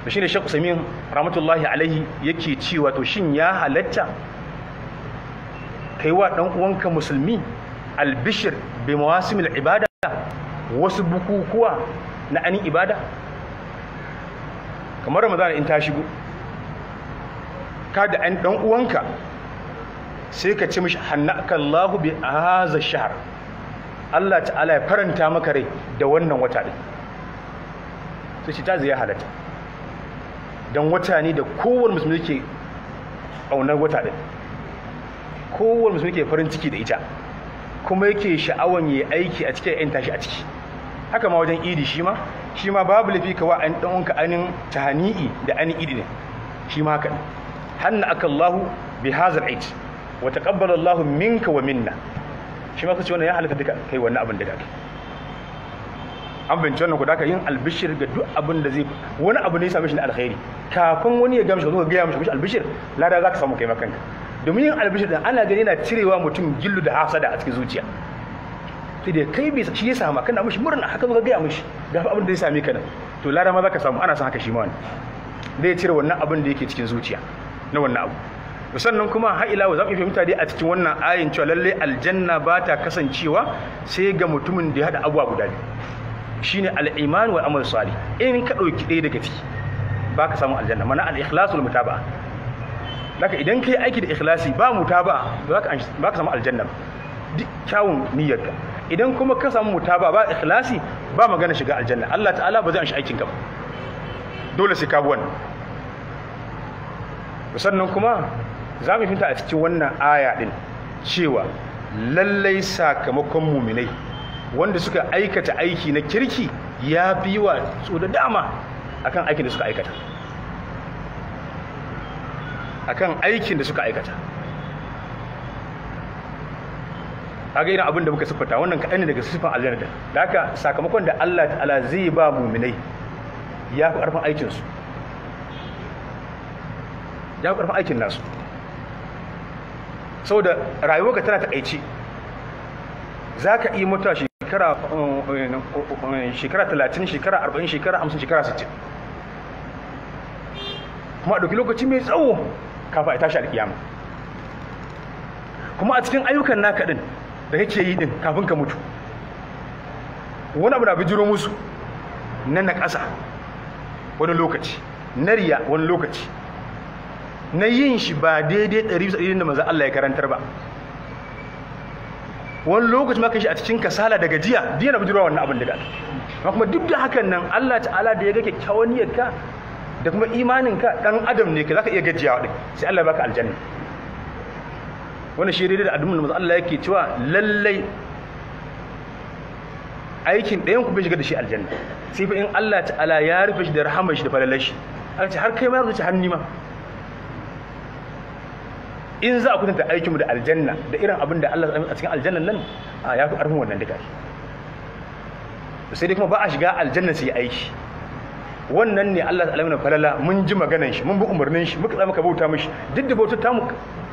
da shi ne shekku samin rahmatullahi alaihi yake cewa to shin ya halatta kai wa ɗan uwanka musulmi albishir bi mawasimil ibada wasu bukukuwa na anin ibada kamar ramadana in ta shigo ka da ɗan ɗan uwanka sai ka ci mishi hannaka Allahu bi haza shahr Allah ta'ala ya faranta maka rai da wannan wata din sai shi ta zai halatta dan wata ne da kowanne musulmi yake aunar wata din kowanne musulmi yake farin ciki da ita kuma yake sha'awan yi aiki a cikin 'yan tashi a ciki haka ma wajen idi shi ma shi ma babu lafi kawa an ɗan'unka anin tahani'i da anin idi ne shi ma haka ne hanna akallahu bi hazar aici wa taqabbala Allahu minka wa minna shi ma kace wannan ya halatta duka kai wannan abin da kake an binci wannan ku da yin albishir ga duk abin da zai wani abu ne ya same shi na alkhairi kafin wani ya gamshi zo ga ya mishi albishir lada ka samu kai makanka domin yin albishir din ana gani yana cirewa mutum gillu da hasada a cikin zuciya sai da kai bai shi ya samu kana mishi murna haka zo gaya ya mishi ga abin da ya same ka nan to lada ma za ka samu ana son haka shi ma wani zai cire wannan abin da yake cikin zuciya na wannan abu sannan kuma ha'ila wa za fahimta dai a cikin wannan ayin cewa lalle aljanna ba ta kasancewa sai ga mutumin da ya haɗa abuwa guda biyu shine al-iman wa amal salih in ka ɗauki ɗaya daga ciki ba ka samu aljanna mana al-ikhlasu wal mutaba'a laka idan kai aiki da ikhlasi ba mutaba'a ba ka ba ka samu aljanna duk kyawun niyyarka idan kuma ka samu mutaba ba ikhlasi ba magana shiga aljanna Allah ta'ala ba zai an shi aikin ka ba dole sai ka bi wannan sannan kuma za mu fita a cikin wannan aya din cewa lallai sakamakon muminai wanda suka aikata aiki na kirki ya fi wa su da dama akan aikin da suka aikata akan aikin da suka aikata irin abin da muka siffata wannan kaɗan ne daga siffan aljanna da haka sakamakon da Allah ta'ala zai ba muminai ya fi ƙarfin aikinsu ya karfa aikin nasu sau saboda rayuwarka tana takaici za ka yi mutuwa shekara eh, eh, shekara talatin shekara arba'in shekara hamsin shekara 60 kuma a ɗauki lokaci mai tsawo kafa a tashi alƙiyama kuma a cikin ayyukan naka ɗin da kake yi ɗin kafin ka mutu wani abu na bijiro musu na naƙasa wani lokaci na riya wani lokaci na yin shi ba daidai ɗari bisa ɗari da manzan Allah ya karantar ba wani lokacin maka shi a cikin kasala da gajiya dina bujirwa wannan abin daga kuma duk da hakan nan Allah ta'ala da ya ga kyakkyawan niyyarka da kuma imaninka dan adam ne ka zaka iya gajiyawa din sai Allah baka aljanna wannan shi da addinin manzo Allah yake cewa lallai aikin ɗayan ku bai shiga da shi aljanna sai fa in Allah ta'ala ya rufe shi da rahama shi da falalar shi Allah ce har kai ma rubuta hannu ma in za a kwatanta aikinmu da aljanna da irin abin da Allah a cikin aljannan nan ya fi ƙarfin wannan duka sai dai kuma ba a shiga aljanna su yi aiki wannan ne Allah ta alamina falala mun ji maganan shi mun bi umarnin shi muka muka bauta mishi duk da bautar tamu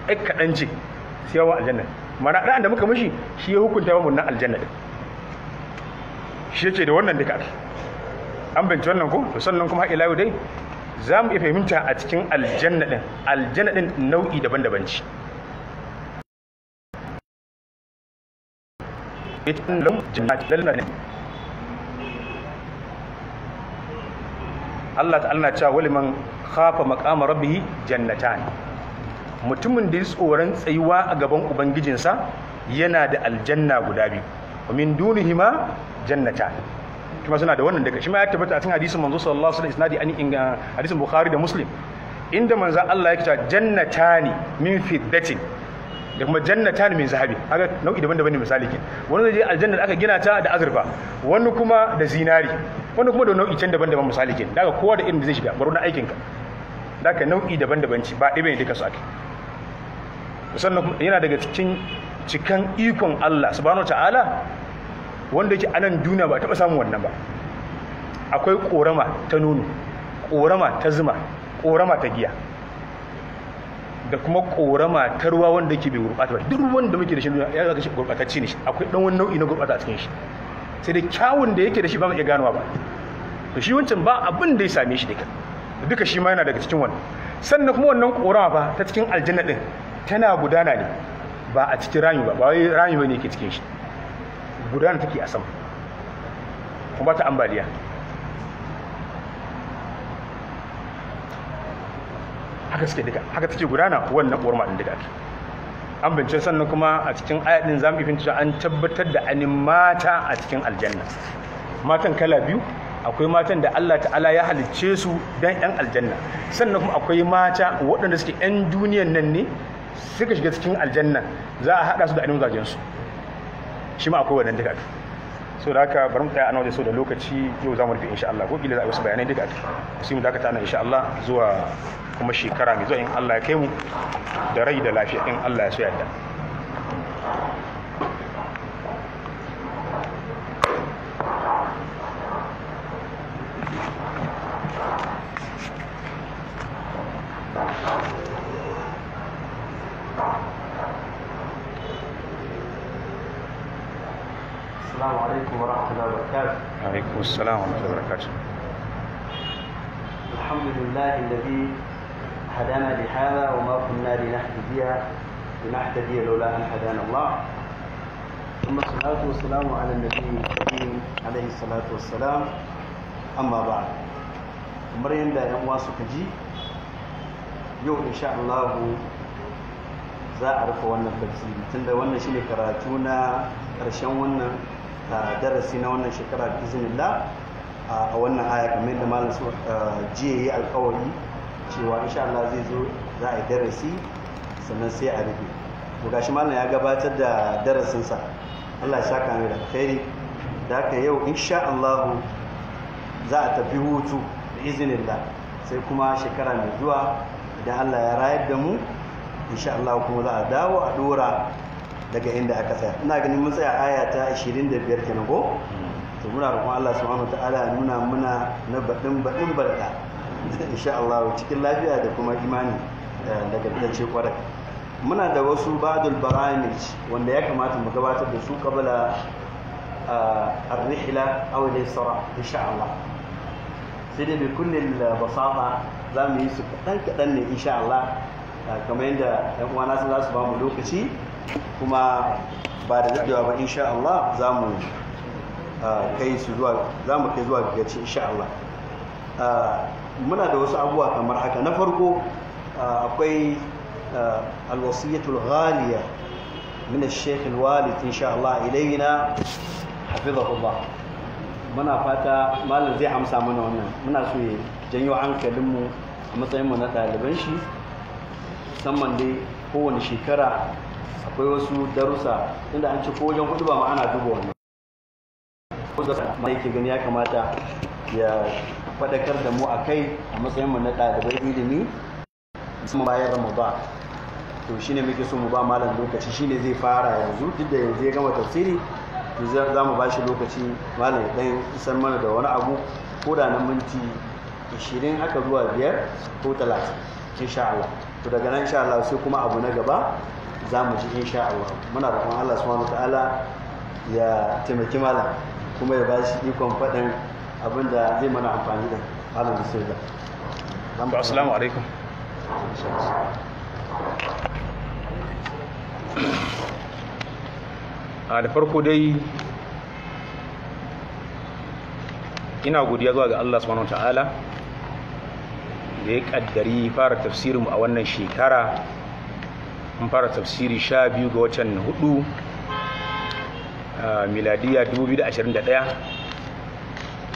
ai kaɗan ce sai yawa aljanna mana ɗan da muka mishi shi ya hukunta mu na aljanna shi yake da wannan duka an binci wannan ko to sannan kuma ila yau dai za mu iya fahimta a cikin aljanna ɗin nau'i daban-daban ce Allah ta'ala na cewa waliman khafa maqama rabbih jannatan mutumin da ya tsoron tsayuwa a gaban ubangijinsa yana da aljanna guda biyu min dunihima jannatan shi ma suna da wannan daga shi ma ya tabbata a cikin hadisin manzo sallallahu alaihi wasallam isnadi an ah, hadisin bukhari da muslim inda manzo Allah ya kita jannatani min fiddati da kuma jannatani min zahabi aga nau'i daban-daban ne misali kin wani zai je aljanna da aka gina ta da azurfa wani kuma da zinari wani kuma da nau'i can daban-daban misali kin daga kowa da irin da zai shiga baro na aikinka daga nau'i daban-daban ci ba ɗaya ne duka su ake sannan yana daga cikin cikan ikon Allah subhanahu ta'ala wanda yake anan duniya ba taɓa samun wannan ba akwai ƙorama ta nono ƙorama ta zuma ƙorama ta giya da kuma ƙorama ta ruwa wanda yake bai gurɓata ba duk wanda muke da shi ya zaka shi gurɓatacce ne shi akwai ɗan wani nau'i na gurɓata a cikin shi sai dai kyawun da yake da shi ba mu iya ganowa ba to shi wancan ba abin da ya same shi duka duka shi ma yana daga cikin wannan sannan kuma wannan ƙorama ba ta cikin aljanna ɗin tana gudana ne ba a cikin rami ba ba wai rami ba ne yake cikin shi gudana take a sama kuma ta ambaliya haka suke duka haka take gudana wannan uwar maɗin duka an bince sannan kuma a cikin ayatin za mu ifin an tabbatar da anin mata a cikin aljanna matan kala biyu akwai matan da Allah ta'ala ya halicce su dan yan aljanna sannan kuma akwai mata waɗanda suke yan duniyan nan ne suka shiga cikin aljanna za a haɗa su da ainihin zajensu shi ma akwai wannan duka so da haka bari mu tsaya ana waje so da lokaci yau za mu rufe insha Allah gobe za a wasu bayanai duka sai mu dakata nan insha Allah zuwa kuma shekara mai zuwa in Allah ya kai mu da rai da lafiya in Allah ya so yadda Thank السلام عليكم ورحمة الله وبركاته وعليكم السلام ورحمة الله وبركاته الحمد لله الذي هدانا لهذا وما كنا لنهتدي لنهتدي لولا أن هدانا الله ثم الصلاة والسلام على النبي الكريم عليه الصلاة والسلام أما بعد مريم لا ينواصك جي يوم إن شاء الله za a rufe wannan tafsiri tunda wannan shine karatu na ƙarshen wannan darasi na wannan shekara da la a wannan aya kamar da malam su jiya yi alkawari cewa insha Allah zai zo za a yi darasi sannan sai a rufe to gashi malam ya gabatar da darasinsa Allah ya saka mai da alkhairi da haka yau insha Allah za a tafi hutu da la sai kuma shekara mai zuwa idan Allah ya rayar da mu insha Allah kuma za a dawo a dora daga inda aka tsaya ina ganin mun tsaya aya ta 25 kenan ko to muna roƙon Allah subhanahu wataala nuna muna na baɗin baɗin barka insha Allah cikin lafiya da kuma imani daga eh, ce kwarai muna da wasu ba'dul baramij wanda ya kamata mu gabatar da su kabala eh, ar-rihla aw al-sara insha Allah sai da bi kullil basata za mu yi su kaɗan kaɗan ne insha Allah eh, kamar yadda 'yan uwana za su ba mu lokaci kuma ba da daɗewa ba insha Allah za mu ah, kai zuwa za mu gaci insha Allah ah, muna da wasu abubuwa kamar haka na farko ah, akwai alwasiyatul ghaliya min ash-shaykh al-walid insha Allah ilayna hafizahullah muna fata malam zai amsa mana wannan muna so ya janyo mu a matsayinmu na ɗaliban shi musamman dai kowane shekara akwai wasu darussa inda an ci ko wajen kudu ba ma ana duba wannan ma yake gani ya kamata ya faɗakar da mu a kai a matsayin mu na ɗalibai ilimi musamman bayan ramadan to shine muke so mu ba malam lokaci shine zai fara yanzu duk da yanzu ya gama tafsiri za mu ba shi lokaci malam ya dan isar mana da wani abu ko da na minti ashirin haka zuwa biyar ko talatin insha to daga nan insha sai kuma abu na gaba za mu ci insha Allah muna roƙon Allah subhanahu ta'ala ya taimaki malam kuma ya ba shi ikon faɗin abin da zai mana amfani da malam bisirga assalamu alaikum a da farko dai ina godiya zuwa ga Allah subhanahu ta'ala da ya kaddari fara tafsirinmu a wannan shekara mun fara tafsiri sha biyu ga watan hudu miladiya 2021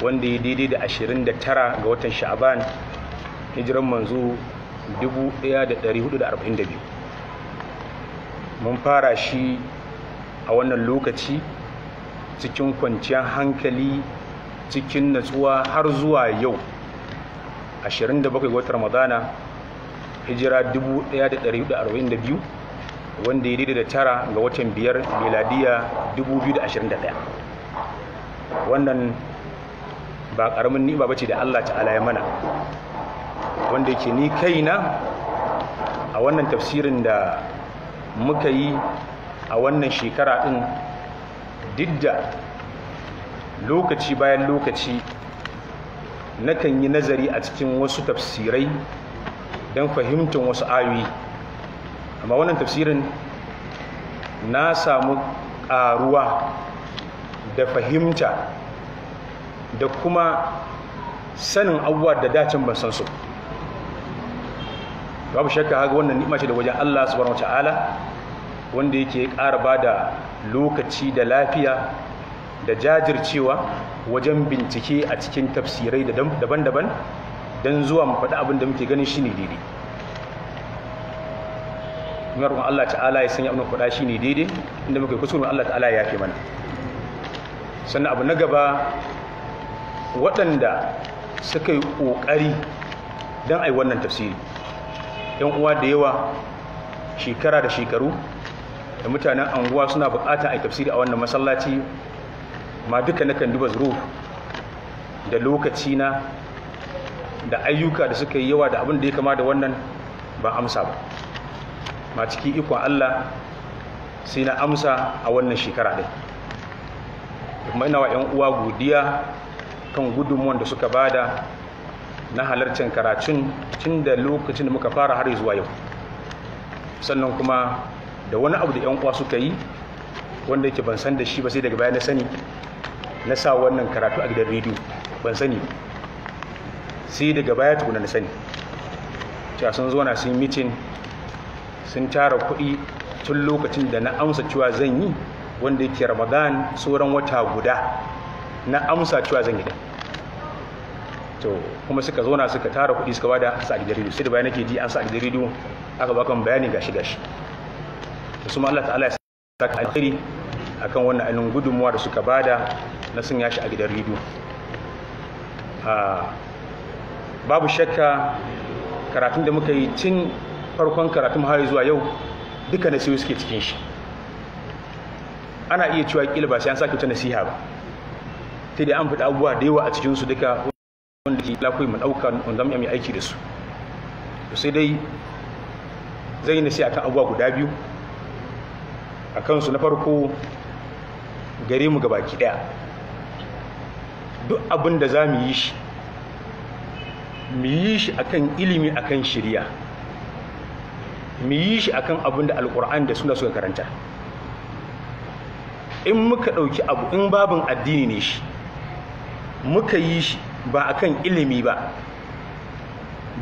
wanda ya daidai da 29 ga watan sha'aban hijiran manzo 1442 mun fara shi a wannan lokaci cikin kwanciyar hankali cikin natsuwa har zuwa yau 27 ga watan ramadana hijira 1442 wanda ya daidai da tara ga watan biyar miladiya 2021 wannan ba ƙaramin ni'ima bace da Allah ta'ala ya mana wanda yake ni kaina a wannan tafsirin da muka yi a wannan shekara ɗin didda lokaci bayan lokaci nakan yi nazari a cikin wasu tafsirai don fahimtar wasu ayoyi amma wannan tafsirin na samu ƙaruwa da fahimta da kuma sanin abubuwa da dacin ban san su babu shakka haka wannan ni'ima ce da wajen Allah subhanahu wata'ala wanda yake ƙara ba da lokaci da lafiya da jajircewa wajen bincike a cikin tafsirai daban-daban don zuwa mu faɗi abin da muke ganin shi ne daidai muna roƙon Allah ta'ala ya sanya abin faɗa shi ne daidai inda muka muke kusurin Allah ta'ala ya fi mana sannan abu na gaba waɗanda suka yi ƙoƙari don a yi wannan tafsiri yan uwa da yawa shekara da shekaru da mutanen anguwa suna buƙatar a yi tafsiri a wannan masallaci ma duka na kan duba zuru da lokaci na da ayyuka da suka yi yawa da abin da ya kama da wannan ba amsa ba ma ciki ikon Allah sai na amsa a wannan shekara ɗin kuma ina wa 'yan uwa godiya kan gudunmuwan da suka bada na halarcin karatun tun da lokacin da muka fara har zuwa yau sannan kuma da wani abu da 'yan uwa suka yi wanda yake ban san da shi ba sai daga baya na sani na sa wannan karatu a gidan rediyo ban sani sai daga baya tukuna na sani cewa sun zo na sun mitin sun tara kuɗi tun lokacin da na amsa cewa zan yi wanda yake ramadan tsoron wata guda na amsa cewa zan yi to kuma suka zo na suka tara kuɗi suka bada sa gidan rediyo sai da bayan nake ji an sa gidan rediyo aka bakan bayani gashi gashi su ma Allah ta'ala ya saka a akan wannan alin gudunmuwa da suka bada na sun yashi a gidan rediyo ah, babu shakka karatun da muka yi tun farkon karatun har zuwa yau duka siyo suke cikin shi ana iya cewa kila ba sai an sake ta nasiha ba Ta dai an fita abubuwa da yawa a cikin su duka wanda ke lakoyi mu dauka wanda mu yi aiki da su sai dai zai yi nasiha kan abubuwa guda biyu a kansu na farko gare mu gabaki ɗaya. duk abin da za mu yi shi mu yi shi akan ilimi akan shirya mu yi shi akan abin da alkur'an da suna suka karanta in muka ɗauki abu in babin addini ne shi muka yi shi ba akan ilimi ba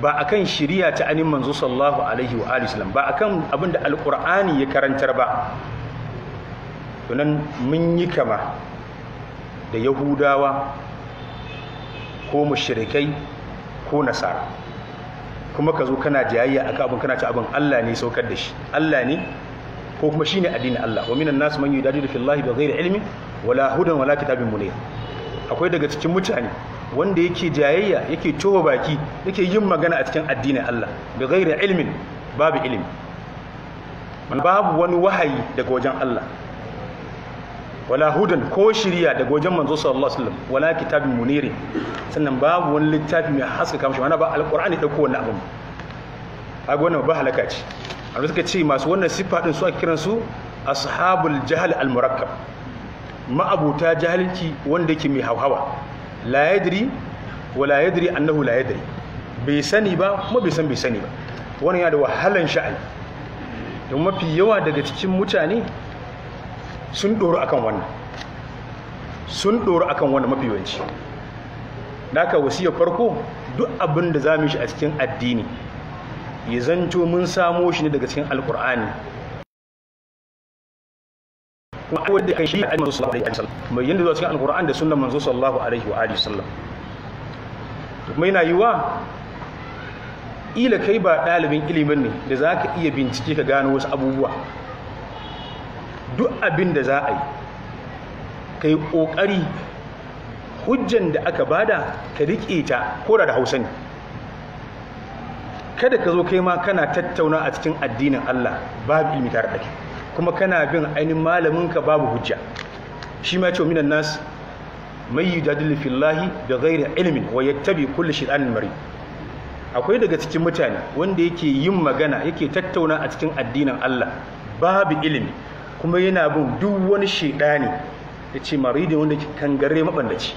ba akan shirya ta anin manzo sallallahu alaihi wa alihi ba akan abin da alkur'ani ya karantar ba to nan mun yi kama da yahudawa ko mushrikai ko nasara kuma ka zo kana jayayya a abin kana ci abin Allah ne saukar da shi Allah ne ko kuma shi ne addinin Allah wa minan nas man Allah fillahi bighairi ilmin wala hudan wala kitabin munir akwai daga cikin mutane wanda yake jayayya yake towa baki yake yin magana a cikin addinin Allah bighairi ilmin babu ilimi babu wani wahayi daga wajen Allah wala hudun ko shiriya daga wajen manzo sallallahu alaihi wasallam wala kitabin muniri sannan babu wani littafi mai kamar shi wani ba alqur'ani dauko wannan abin a wannan ba halaka ce amma suka ce masu wannan sifa din su ake kiran su ashabul jahl al murakkab ma'abuta jahilci wanda yake mai hawhawa la yadri wala yadri annahu la yadri bai sani ba kuma bai san bai sani ba wannan yana da wahalan sha'ani don mafi yawa daga cikin mutane sun ɗoro akan wannan sun ɗoro akan wannan mafi yawanci da aka wasiyar farko duk abin da za mu shi a cikin addini ya zanto mun samo shi ne daga cikin alkur'ani kuma abubuwan da kan shi a masu sallallahu alaihi wasallam mai yanda zuwa cikin alkur'ani da sunan manzo sallallahu alaihi wa alihi wasallam kuma yana wa, ila kai ba ɗalibin ilimin ne da za ka iya bincike ka gano wasu abubuwa duk abin da za a yi ka yi ƙoƙari hujjan da aka bada ka riƙe ta ko da hausa ne kada ka zo kai ma kana tattauna a cikin addinin Allah babu ilmi tare da kuma kana bin ainihin malamin ka babu hujja shi ma ce minan nas mai yi yujadilu fillahi da zaira ilmin wa kulle shi shay'anin mari akwai daga cikin mutane wanda yake yin magana yake tattauna a cikin addinin Allah babu ilimi kuma yana bin duk wani shaidani ya ce maridi wanda ke kangare mabandaci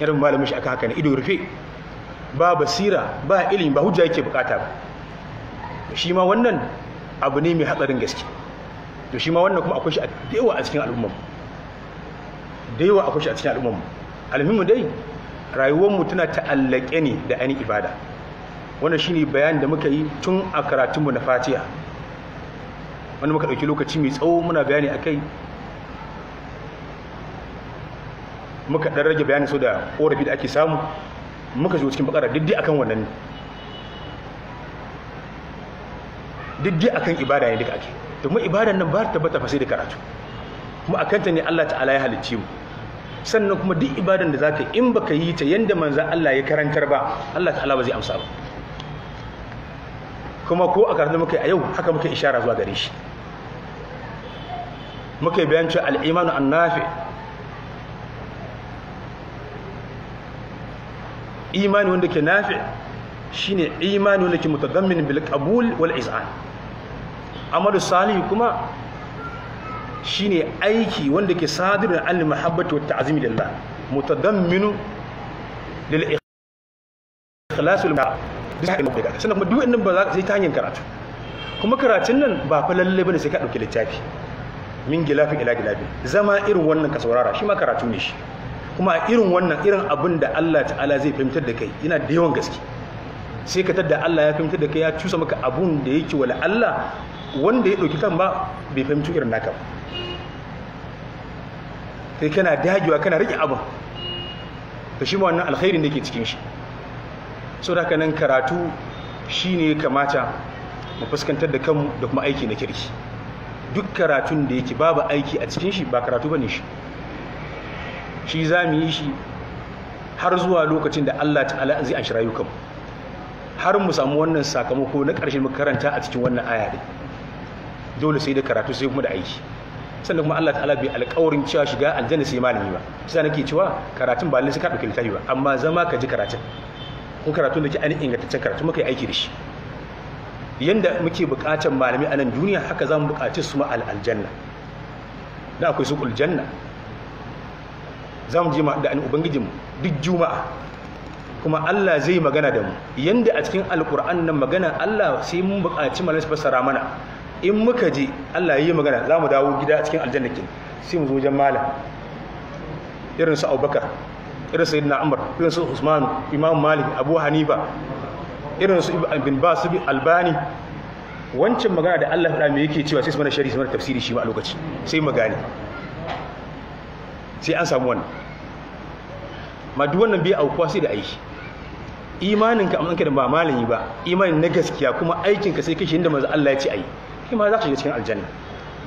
irin malamin shi aka haka ne ido rufe ba basira ba ilimi ba hujja yake bukata ba shi ma wannan abu ne mai hatsarin gaske to shi ma wannan kuma akwai shi a yawa a cikin al'ummar da yawa akwai shi a cikin al'ummar alhimmu dai rayuwar mu tana ta'allake ne da ainihin ibada wannan shine bayan da muka yi tun a karatunmu na fatiha wani muka ɗauki lokaci mai tsawo muna bayani a kai muka ɗan rage bayani sau da ƙorafi da ake samu muka zo cikin bakara diddi akan wannan diddi akan ibada ne duka ake domin ibadan nan ba ta bata fa sai da karatu kuma a kanta ne Allah ta'ala ya halicci mu sannan kuma duk ibadan da zaka in baka yi ta yanda manzan Allah ya karantar ba Allah ta'ala ba zai amsa ba kuma ko a karni muka yi a yau haka muka ishara zuwa gare shi muka bayan cewa al'imanu annafi imani wanda ke nafi shine imani wanda ke mutadammin bil qabul wal iz'an Amadu salihu kuma shine aiki wanda ke sadirun da mahabbati wat ta'zim lillah da lil ikhlas wal duk haɗe mafi daga sannan kuma duk wannan ba za sai ta hanyar karatu kuma karatun nan ba fa lalle bane sai ka ɗauki littafi min gilafi ila gilafi zama irin wannan ka saurara shi ma karatu ne shi kuma irin wannan irin abin da Allah ta'ala zai fahimtar da kai yana da yawan gaske sai ka tadda Allah ya fahimtar da kai ya cusa maka abun da yake wala Allah wanda ya ɗauki kan ba bai fahimci irin naka ba kai kana dagewa kana rike abin to shi ma wannan alkhairin da ke cikin shi sau da nan karatu shi ya kamata mu fuskantar da kanmu da kuma aiki na kirki duk karatun da yake babu aiki a cikin shi ba karatu ba ne shi shi za mu yi shi har zuwa lokacin da Allah ta'ala zai an shirayu kanmu har mu samu wannan sakamako na ƙarshen makaranta a cikin wannan aya ne dole sai da karatu sai kuma da aiki sannan kuma Allah ta'ala bai alƙawarin cewa shiga aljanna sai malami ba sai nake cewa karatun ba lalle sai ka ɗauki littafi ba amma zama ka ji karatun ko karatun da ke ainihin ingantaccen karatu muka yi aiki da shi yanda muke buƙatar malami a nan duniya haka za mu buƙaci su ma'al aljanna da akwai su kuljanna za mu je da an ubangijinmu duk juma'a kuma Allah zai magana da mu yanda a cikin alkur'an nan magana Allah sai mun bukaci malami su fassara mana in muka je Allah ya yi magana za mu dawo gida a cikin aljanna sai mu zo wajen malam irin su Abubakar irin sayyidina umar irin su usman imam malik abu hanifa irin su ibn bas albani wancan magana da Allah faɗa me yake cewa sai su mana shari'a su mana tafsiri shi ma a lokaci sai mu gane sai an samu wannan ma duk wannan bai aukuwa sai da aiki imaninka amma da ba malami ba imanin na gaskiya kuma aikinka sai kashi inda manzo Allah ya ce ayi kai ma za ka shiga cikin aljanna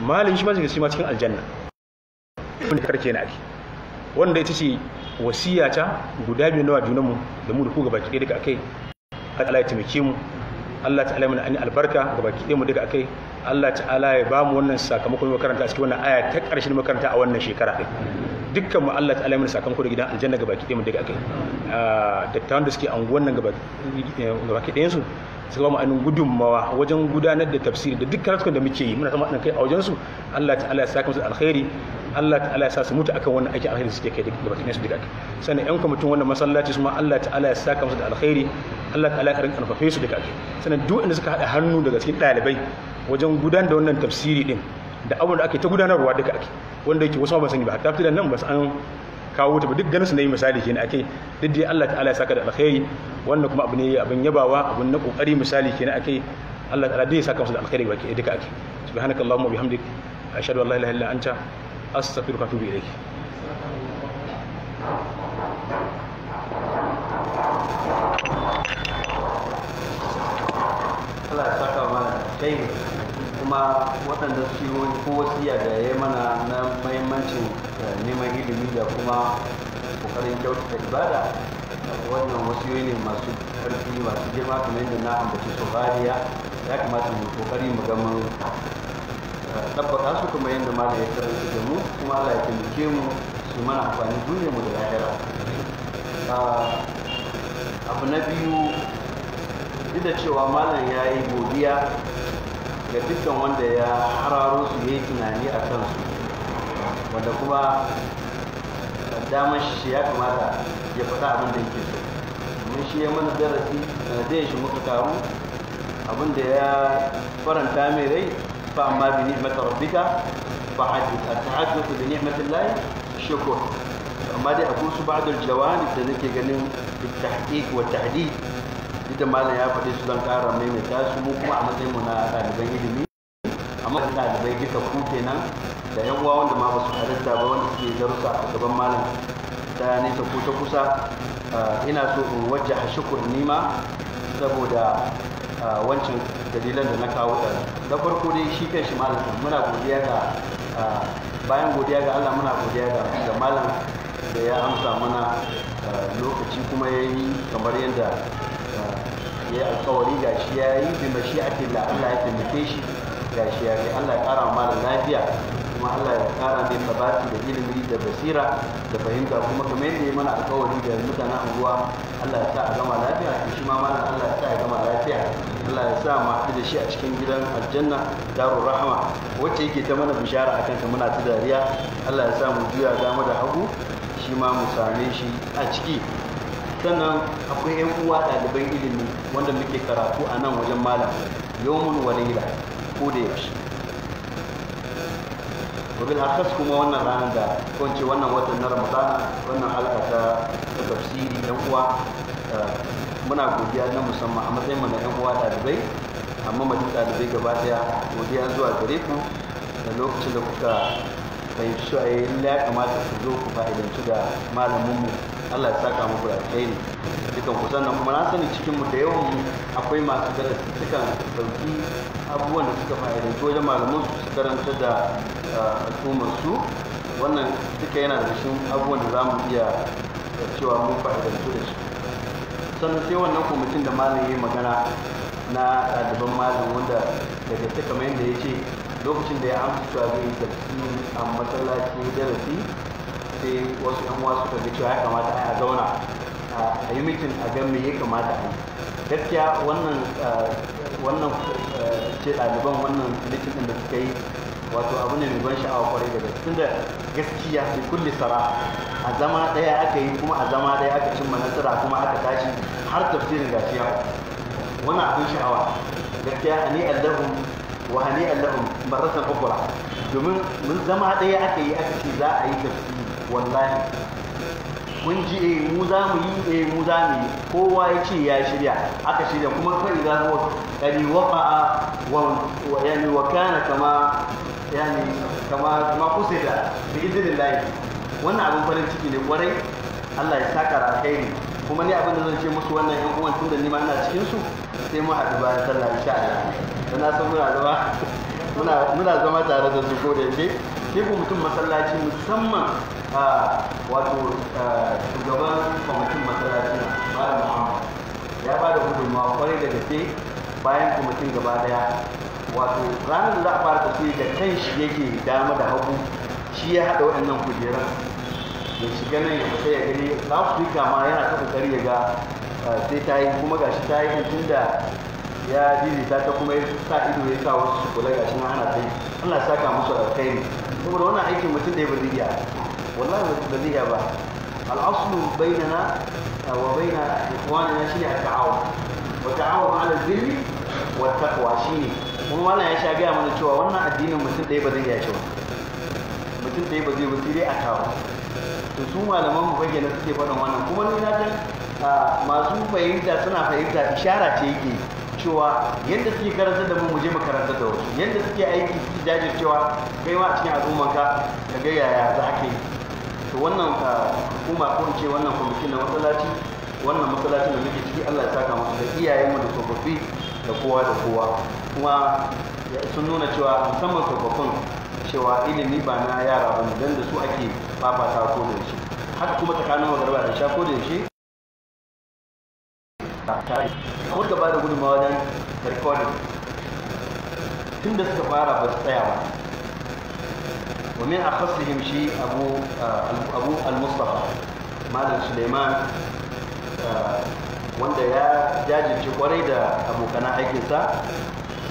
malami shi ma zai shiga cikin aljanna wanda karke na ake wanda ita ce wasiya ta guda biyu nawa junanmu da mu da ku ga baki daga akai Allah ya taimake mu Allah ta'ala mana an albarka ga baki mu daga akai Allah ta'ala ya ba mu wannan sakamakon makaranta a cikin wannan aya ta karshen makaranta a wannan shekara ɗin dukkan mu Allah ta'ala mun sakamako da gidan aljanna ga baki mu daga akai ah, ta da suke an nan ga baki eh, ɗayan su suka mu anin gudunmawa wajen gudanar da tafsiri da dukkan rasukan da muke yi muna sama kai a wajen su Allah ta'ala ya saka da alkhairi Allah ta'ala ya sa su mutu akan wannan aikin alkhairi suke kai da baki ɗayan su daga akai sannan yan kwamitin wannan masallaci su ma Allah ta'ala ya saka musu da alkhairi Allah ta'ala ya karin karfafe su daga akai sannan duk inda suka haɗa hannu daga cikin ɗalibai wajen gudanar da wannan tafsiri din da abin da ake ta gudanarwa duka ake wanda yake wasu ba sani ba hatta nan ba an kawo ta ba duk ganin su na yi misali kenan ake duk dai Allah ta'ala ya saka da alkhairi wannan kuma abu ne abin yabawa abin na kokari misali kenan ake Allah ta'ala dai ya saka musu da alkhairi ba ke duka ake subhanakallahumma bihamdik ashhadu an la ilaha illa anta astaghfiruka wa atubu ilaik Allah ya saka mana dai kuma waɗanda su yi ko wasiya da ya mana na mahimmancin eh, neman ilimi da kuma ƙoƙarin kyautata ibada wannan wasiyoyi ne masu ƙarfi masu girma kamar yadda na ambaci su bariya ya kamata mu ƙoƙari mu ga mun eh, su kuma yadda ma da ya karanta da mu kuma Allah ya taimake mu su mana amfani duniyar mu da lahira ah, abu na biyu duk da cewa malam ya yi godiya ga dukkan wanda ya hararo su yi tunani a kansu wanda kuma damar shi ya kamata ya faɗa abin da yake so mun shi ya mana darasi sanadiyar shi muka karu abin da ya faranta mai rai fa amma bi ba rabbika fa hadith at-tahadduth bi ni'matillah shukr amma dai akwai su ba'd al-jawanib da nake ganin bi tahqiq wa tahdid duk da malam ya faɗi su zan ƙara mai tashi mu kuma a matsayin mu na ɗaliban ilimi amma da ɗalibai duka ku kenan da yan uwa wanda ma ba su halitta ba wanda suke zarusa a gaban malam ta nesa ko ta kusa ah, ina so in wajja a shukur nima saboda ah, wancan dalilan da na kawo ɗan na farko dai shi kan shi malam muna godiya ga ah, bayan godiya ga Allah muna godiya ga malam da ya amsa mana lokaci kuma ya yi kamar yadda ya yi alkawari ga shi ya yi bi mashi'atillah Allah ya taimake shi ga shi ya yi Allah ya kara ma lafiya kuma Allah ya kara mai sabati da ilimi da basira da fahimta kuma kamar yadda ya mana alkawari ga mutanen unguwa Allah ya sa a gama lafiya to shi ma malam Allah ya sa a gama lafiya Allah ya sa mu da shi a cikin gidan aljanna Daru rahama wacce yake ta mana bishara akan ta muna ta dariya Allah ya sa mu juya zama da hagu shi ma mu same shi a ciki sannan akwai yan uwa ɗaliban ilimi wanda muke karatu a nan wajen malam yawmun wani laila ko da yaushe wabil akas kuma wannan ranar da kwanci wannan watan na ramadana wannan halka ta tafsiri yan uwa eh, muna godiya na musamman a matsayin mana yan uwa ɗalibai amma mu ɗalibai gaba ɗaya godiya zuwa gare ku da lokacin da kuka fahimci a yi eh, ya kamata ku zo ku fa'idanci da mu? Allah ya saka muku da alheri dukan ku sannan kuma na sani cikin mu da yawan mu akwai masu da suka dauki abubuwan da suka da wajen ah, malamu su karanta da al'ummar su wannan duka yana da shi abubuwan da za mu iya cewa mun fara da shi sannan sai wannan kwamitin da malam ya magana na ɗaliban malam wanda daga ta kamar yadda ya ce lokacin da ya amsa cewa zai yi a masallaci darasi ce wasu yan wasu suka ga cewa ya kamata a zauna a yi mitin a gan me ya kamata a yi gaskiya wannan wannan ce ɗaliban wannan mitin ɗin da suka yi wato abu ne mai ban sha'awa kwarai da gaske tunda gaskiya sai kulli sara a zama ɗaya aka yi kuma a zama ɗaya aka cimma nasara kuma aka tashi har tafsirin gashi wannan abin sha'awa gaskiya ni allahu wa hani allahu marratan ukra domin mun zama ɗaya aka yi aka ce za a yi tafsiri wallahi kun ji eh mu za mu yi eh mu za mu yi kowa ya ce ya shirya aka shirya kuma kai za ku kadi waqa wa yani wa kana kama yani kama kusida bi idnillah wannan abin farin ciki ne kwarai Allah ya saka rakai ne kuma ni abin da zan ce musu wannan yan uwan tunda ni ma ina cikin su sai mu haɗu bayan sallah insha Allah dan san muna zama muna zama tare da su ko da yake sai mutum masallaci musamman wato shugaban kwamitin masallaci malam muhammad ya ba da gudunmawa kwarai da gaske bayan kwamitin gaba daya wato ranar da za a fara tafiya da kan shi yake dama da hagu shi ya haɗa waɗannan kujeran da shiga ganin ya fita ya gani afirka ma yana ta kokari ya ga sai ta yi kuma gashi ta yi tun da ya jirgin ta kuma ya sa ido ya sa wasu su kula gashi na ana ta yi allah saka musu alkhairi saboda wannan aikin mutum da ya bari ya wallahi mutum ba ya ba al'aslu bainana wa baina na shi at-ta'awun wa ma 'ala al-birri wa taqwa ne kuma wannan ya sha gaya mana cewa wannan addinin mutum da ya bari ya cewa mutum da ya bari ba sai dai a kawo to su malaman mu na suke faɗin wannan kuma ni na ta ah, masu fahimta suna fahimta ishara ce yake cewa yadda suke karantar da mu mu je mu da wasu yadda suke aiki suke jajircewa kai ma a cikin al'ummanka ka ga yaya za ka yi to wannan ka ah, hukuma ko ce wannan kwamitin na masallaci wannan masallacin da muke ciki Allah ya saka masu da iyayenmu da tsofaffi da kowa da kowa kuma sun nuna cewa musamman tsofaffin cewa ilimi ba na yara ba ne don da su ake fafata ko da yaushe haka kuma tsakanin magarba da sha ko da yaushe tari kuma bada gudunmawa wajen recording tun da suka fara ba su tsaya ba a أخصهم شيء abu uh, al mustafa Malam Suleiman uh, wanda ya jajirce kwarai da abokana aikinsa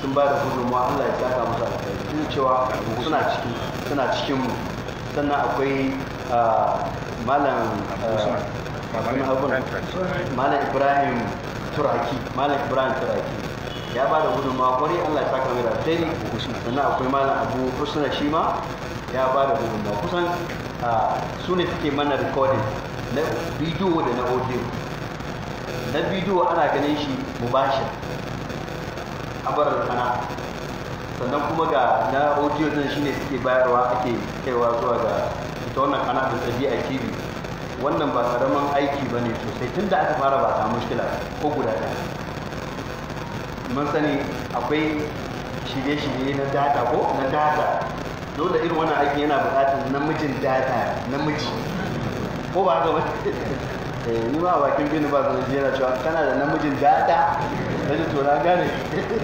sun ba da Allah ya saka musu alkhairi sun cewa suna cikin suna cikin mu sannan akwai uh, malam malam ibrahim turaki malam ibrahim turaki ya ba da gudunmawa kwarai allah ya saka mai da alheri sannan akwai malam abu husna shi ma ya ba da gudunmawa kusan su ne suke mana recording na bidiyo da na audio na bidiyo ana ganin shi mubashir abarar sana sannan kuma ga na audio din ne suke bayarwa ake kaiwa zuwa ga ita wannan kana da tsabi a tv wannan ba karaman aiki ba ne sosai tun da aka fara ba ta mushkila ko guda ɗaya mun sani akwai shirye-shirye na data ko na data dole irin wannan aiki yana buƙatar namijin data namiji ko ba haka ba eh, ni ma bakin gini ba zai je na cewa kana da namijin data sai ji na gane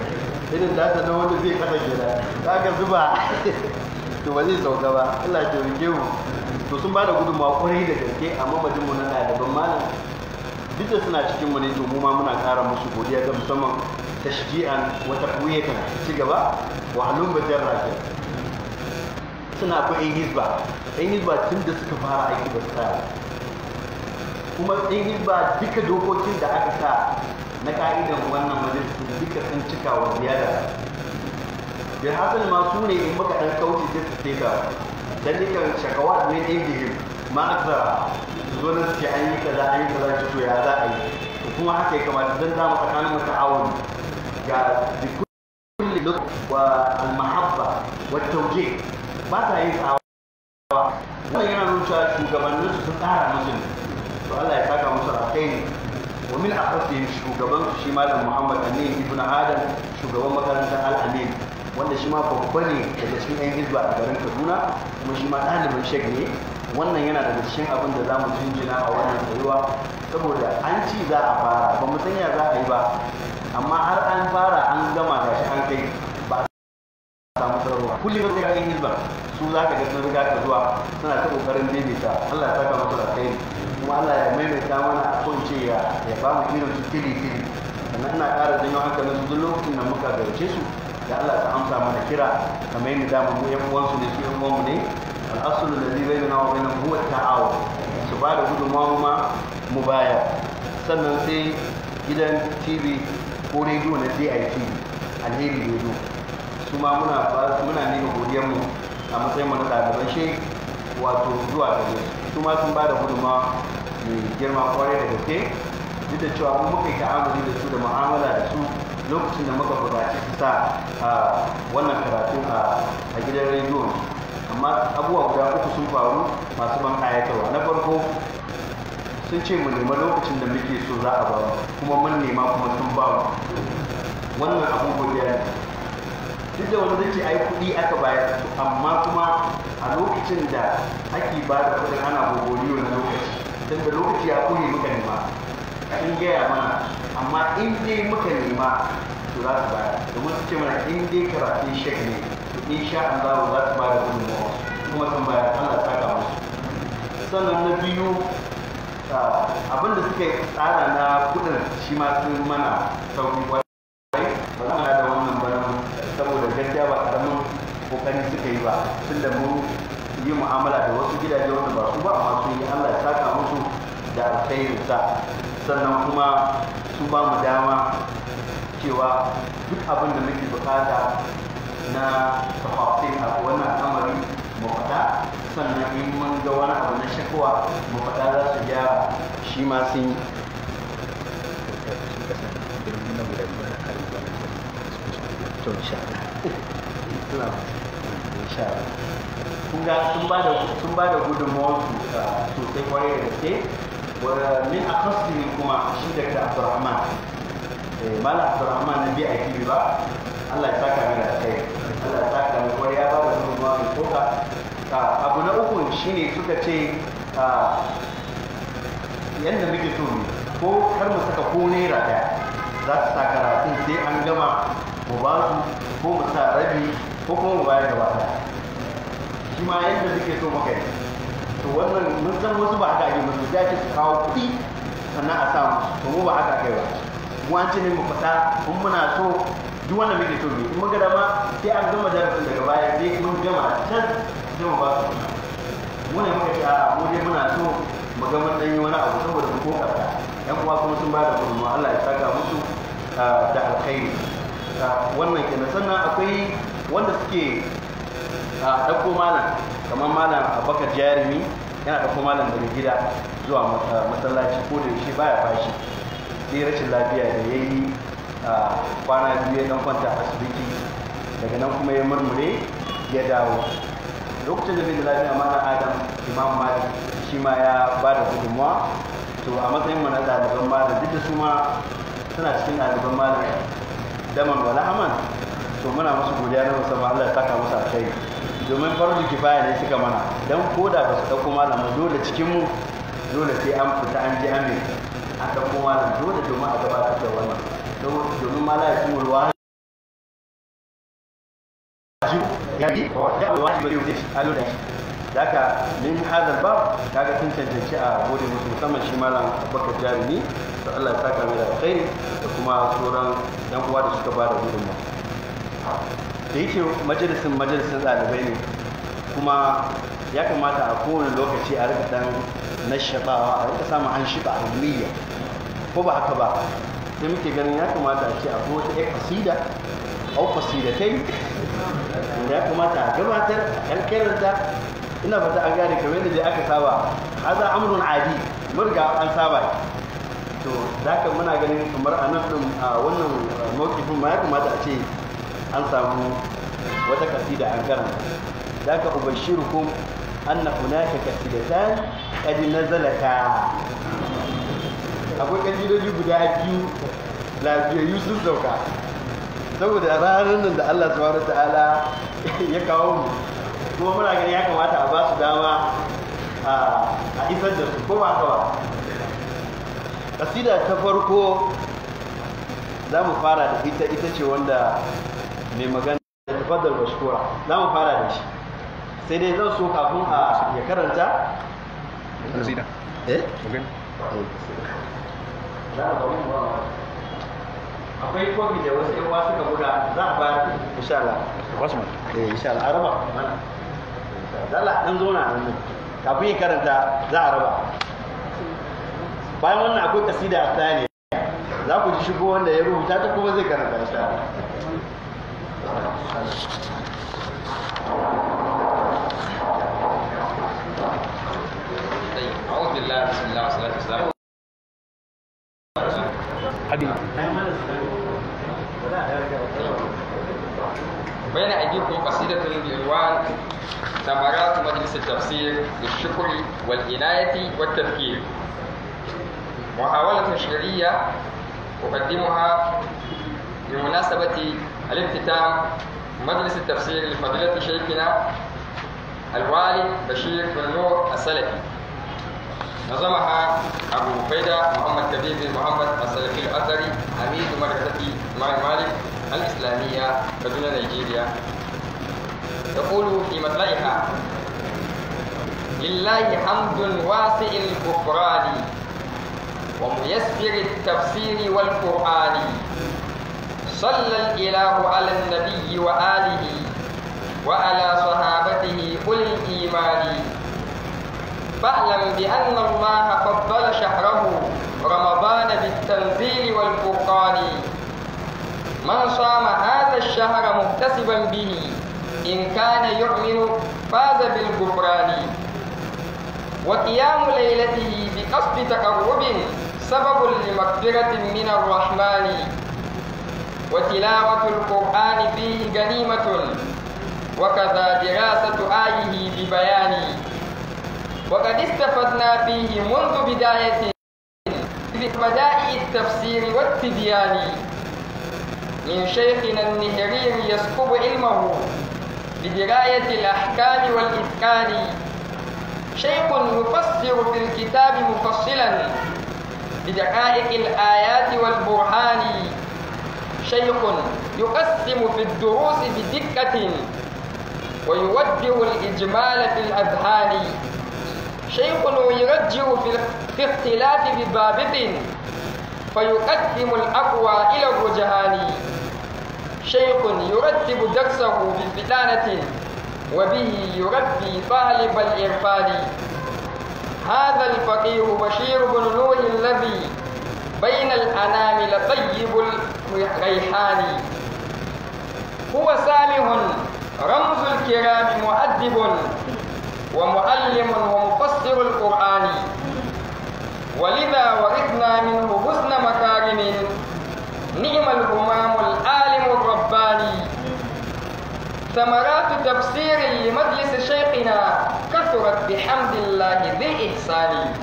irin data na wanda zai kada gida ka zuba to ba zai sauka ba Allah ya rike mu to sun ba da gudunmawa kwarai da gaske a mu na ɗaliban malam duk da suna cikin mu ne to mu ma muna ƙara musu godiya ta musamman tashji'an wa taqwiyatan ci gaba wa halum bajarra ke suna akwai ɗan hizba ɗan hizba tun da suka fara aiki da tsaya kuma ɗan hizba duka dokokin da aka sa na ka'idan wannan majalisi duka sun cika wa ziyara bai hasali ma su ne in muka ɗan kauce da su sai dalilan shakawat ɗin indihim ma akthara zo nan suke an yi za a yi kaza to ya za a yi to kuma haka ya kamata dan zamu tsakanin mu ta'awun ga kulli lok wa al mahabba wa tawjih ba ta yin tsawa wannan yana nuna cewa shugabannin su tsara musu ne to Allah ya saka musu alkhairi wa min aqrasihim shugaban shi malam Muhammad Amin ibn Adam shugaban makarantar Al wanda shi ma babba ne daga cikin yan hizba a garin kaduna kuma shi ma ɗalibin shek ne wannan yana daga cikin abin da za mu jinjina a wannan tsayuwa saboda an ci za a fara ba mu sanya za a yi ba amma har an fara an gama da shi an kai ba a samu sararwa kullum sai ga yan hizba su za ka ga sun riga ka zuwa suna ta kokarin daidaita Allah ya saka musu kai kuma Allah ya maimaita mana a ce ya ba mu irin su tiri tiri sannan ina ƙara janyo hankalin duk lokacin da muka gaice su da Allah ta amsa mana kira kamar yadda dama mu yan uwansu ne su yan uwanmu ne al'asul da zai bayyana wa bayanan ta ta'awa su ba da gudunmawa ma mu baya sannan sai gidan tv ko rediyo na dit alheri rediyo su ma muna muna nuna godiyarmu a matsayin wani ɗaliban shi wato zuwa da su ma sun ba da gudunmawa mai girma kwarai da gaske duk da cewa mun muka yi ta'amuli da su da mu'amala da su lokacin da muka buƙaci sa a wannan karatu a gidan rediyo amma abubuwa guda uku sun faru masu ban ƙayatarwa na farko sun ce mu nema lokacin da muke so za a ba kuma mun nema kuma sun ba mu wannan guda ne duk da wani zai ai kuɗi aka bayar amma kuma a lokacin da ake ba da kuɗin ana gogoriyo na lokaci don lokaci ya kure muka nema sun gaya mana amma in dai muka nema to za su bayar domin su ce mana in dai karatun shek ne to in sha Allah za su bayar gudunmawa kuma sun bayar Allah ta ga musu sannan na biyu ah, abin da suka tsara na kudin shi ma sun mana sauki kwarai ba za mu da wannan ba saboda gaskiya ba karamin kokari suka yi ba tun da mu yi mu'amala da wasu gidaje wanda ba su ba amma sun yi Allah ya saka musu da alkhairinsa sannan kuma sun ba mu dama cewa duk abin da muke bukata na tafafin a wannan al'amari mu sannan in mun ga wani abu na shakwa mu faɗa za su ja shi ma yi sun ba da su ah, sosai kwarai da gaske ومن أخصهم كما شدك عبد الرحمن ما لا عبد الرحمن نبي أكيد بقى الله يساك من الخير الله يساك من الخير يا بابا من الله فوق أبو نأكل شيني سكة شيء yadda muke so ne ko kar mu saka ko naira ɗaya za su sa karatun sai an gama mu ba ko mu rabi ko kuma mu bayar da wata shi ma yadda muke so muka yi to wannan mun san wasu ba haka ake musu da ake su kawo kuɗi sannan a samu to mu ba haka kai ba wancan ne mu fita in muna so duk wanda muke so ne kuma gada dama sai an gama darasin daga baya sai mun gama can sai mu ba su mu ne muka ce a mu dai muna so mu ga mun ɗanyi wani abu saboda mu kokarta yan uwa kuma sun ba da mu Allah ya saka musu ah, da alkhairi ah, wannan kenan sannan akwai wanda suke ah, ɗauko malam kamar malam abubakar jarumi yana da kuma malam daga gida zuwa masallaci ko da yaushe baya fashi sai rashin lafiya da ya yi kwana biyu ya dan kwanta asibiti daga nan kuma ya murmure ya dawo lokacin da bai da lafiya malam adam imam malik shi ma ya ba da gudunmuwa to a matsayin mana na ɗaliban duk da su ma suna cikin ɗaliban malam daman wala haman to muna musu godiya na musamman Allah ya saka musu alkhairi domin farji kifaya ne suka mana don koda ba su ɗauko malamin dole cikin mu dole sai an fita an ji ame an ɗauko malam dole domin a gabata da wannan domin malam ya kuma ruwa daga min hadal bab kaga sun cancanci a gode musu musamman shi malam abubakar jarumi da Allah ya saka mai da alkhairi da kuma sauran dan uwa da suka ba da gudunmawa da yake majalisin majalisin ɗalibai ne kuma ya kamata a kowane lokaci a rika dan nashabawa a rika samun an a miliya ko ba haka ba sai muke ganin ya kamata a ce a akwai wata ɗaya a au kasidatai da ya kamata a gabatar a ƙanƙanarta ina fata an gane kamar yadda aka saba a amrun adi murga an saba to ka muna ganin kamar a nan a wannan mawkifin ma ya kamata a ce an samu wata kasida an karanta Za ka an ubashirukum anna hunaka kasidatan na zalaka akwai kasidoji guda biyu lafiyayyu sun sauka saboda ranar nan da Allah wata ta'ala ya kawo mu kuma muna gani ya kamata a ba su dama a isar da su ko ba kawa kasida ta farko za mu fara da ita ita ce wanda mai magana da tafaddal bashkura za mu fara da shi sai dai zan so kafin a ya karanta eh? akwai kofi da wasu yawa suka buga za a bayar insha Allah wasu eh a dan nan kafin karanta za a raba bayan wannan akwai kasida a ne za ku ji shigo wanda ya rubuta ta kuma zai karanta insha بين أيديكم قصيدة بعنوان ثمرات مجلس التفسير للشكر والعناية والتذكير. محاولة شعرية أقدمها بمناسبة الاختتام مجلس التفسير لفضيلة شيخنا الوالد بشير بن نور السلفي نظمها أبو عبيدة محمد كبير بن محمد السلفي الأثري أمير مدرسة مالك الإسلامية مدينة نيجيريا يقول في مطلعها لله حمد واسع الغفران وميسر التفسير والقرآن صلى الإله على النبي وآله وعلى صحابته أولي الإيمان فاعلم بأن الله فضل شهره رمضان بالتنزيل والفرقان من صام هذا الشهر مكتسبا به إن كان يؤمن فاز بالغفران وقيام ليلته بقصد تقرب سبب لمغفرة من الرحمن وتلاوة القرآن فيه غنيمة وكذا دراسة آيه ببيان وقد استفدنا فيه منذ بداية بدائع التفسير والتبيان من شيخنا النهرير يسكب علمه بدراية الأحكام والإتقان شيخ يفسر في الكتاب مفصلا بدقائق الآيات والبرهان شيخ يقسم في الدروس بدقة ويودع الإجمال في الأذهان شيخ يرجع في اختلاف ببابط فيقدم الأقوى إلى الرجهان شيخ يرتب درسه بفتانة وبه يربي طالب الإرفان هذا الفقيه بشير بن نوح الذي بين الأنامل طيب الريحان هو سالح رمز الكرام مؤدب ومعلم ومفسر القرآن ولذا ورثنا منه حسن مكارم نعم الهمام العالم الرباني ثمرات تفسير لمجلس شيخنا كثرت بحمد الله ذي إحسان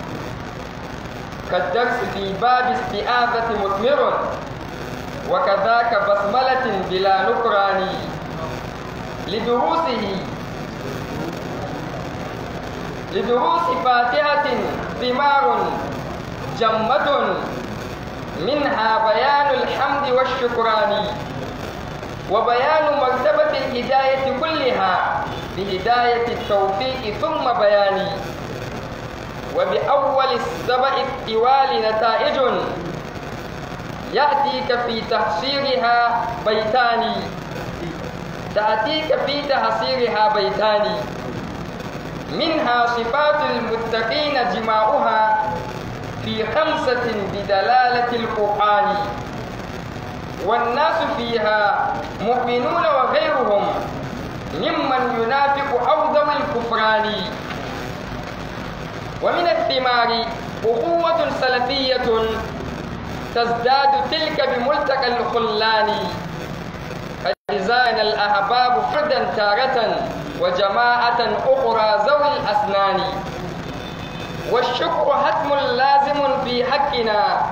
فالدرس في باب استئاذة مثمر وكذاك بسملة بلا نكران لدروسه لدروس فاتحة ثمار جمد منها بيان الحمد والشكران وبيان مرتبة الهداية كلها بهداية التوفيق ثم بيان وبأول السبأ الطوال نتائج يأتيك في تحصيرها بيتان تأتيك في تحصيرها بيتان منها صفات المتقين جماؤها في خمسة بدلالة القرآن والناس فيها مؤمنون وغيرهم ممن ينافق أوضم الكفران ومن الثمار أخوة سلفية تزداد تلك بملتقى الخلان قد زان الأحباب فردا تارة وجماعة أخرى ذوي الأسنان والشكر حتم لازم في حقنا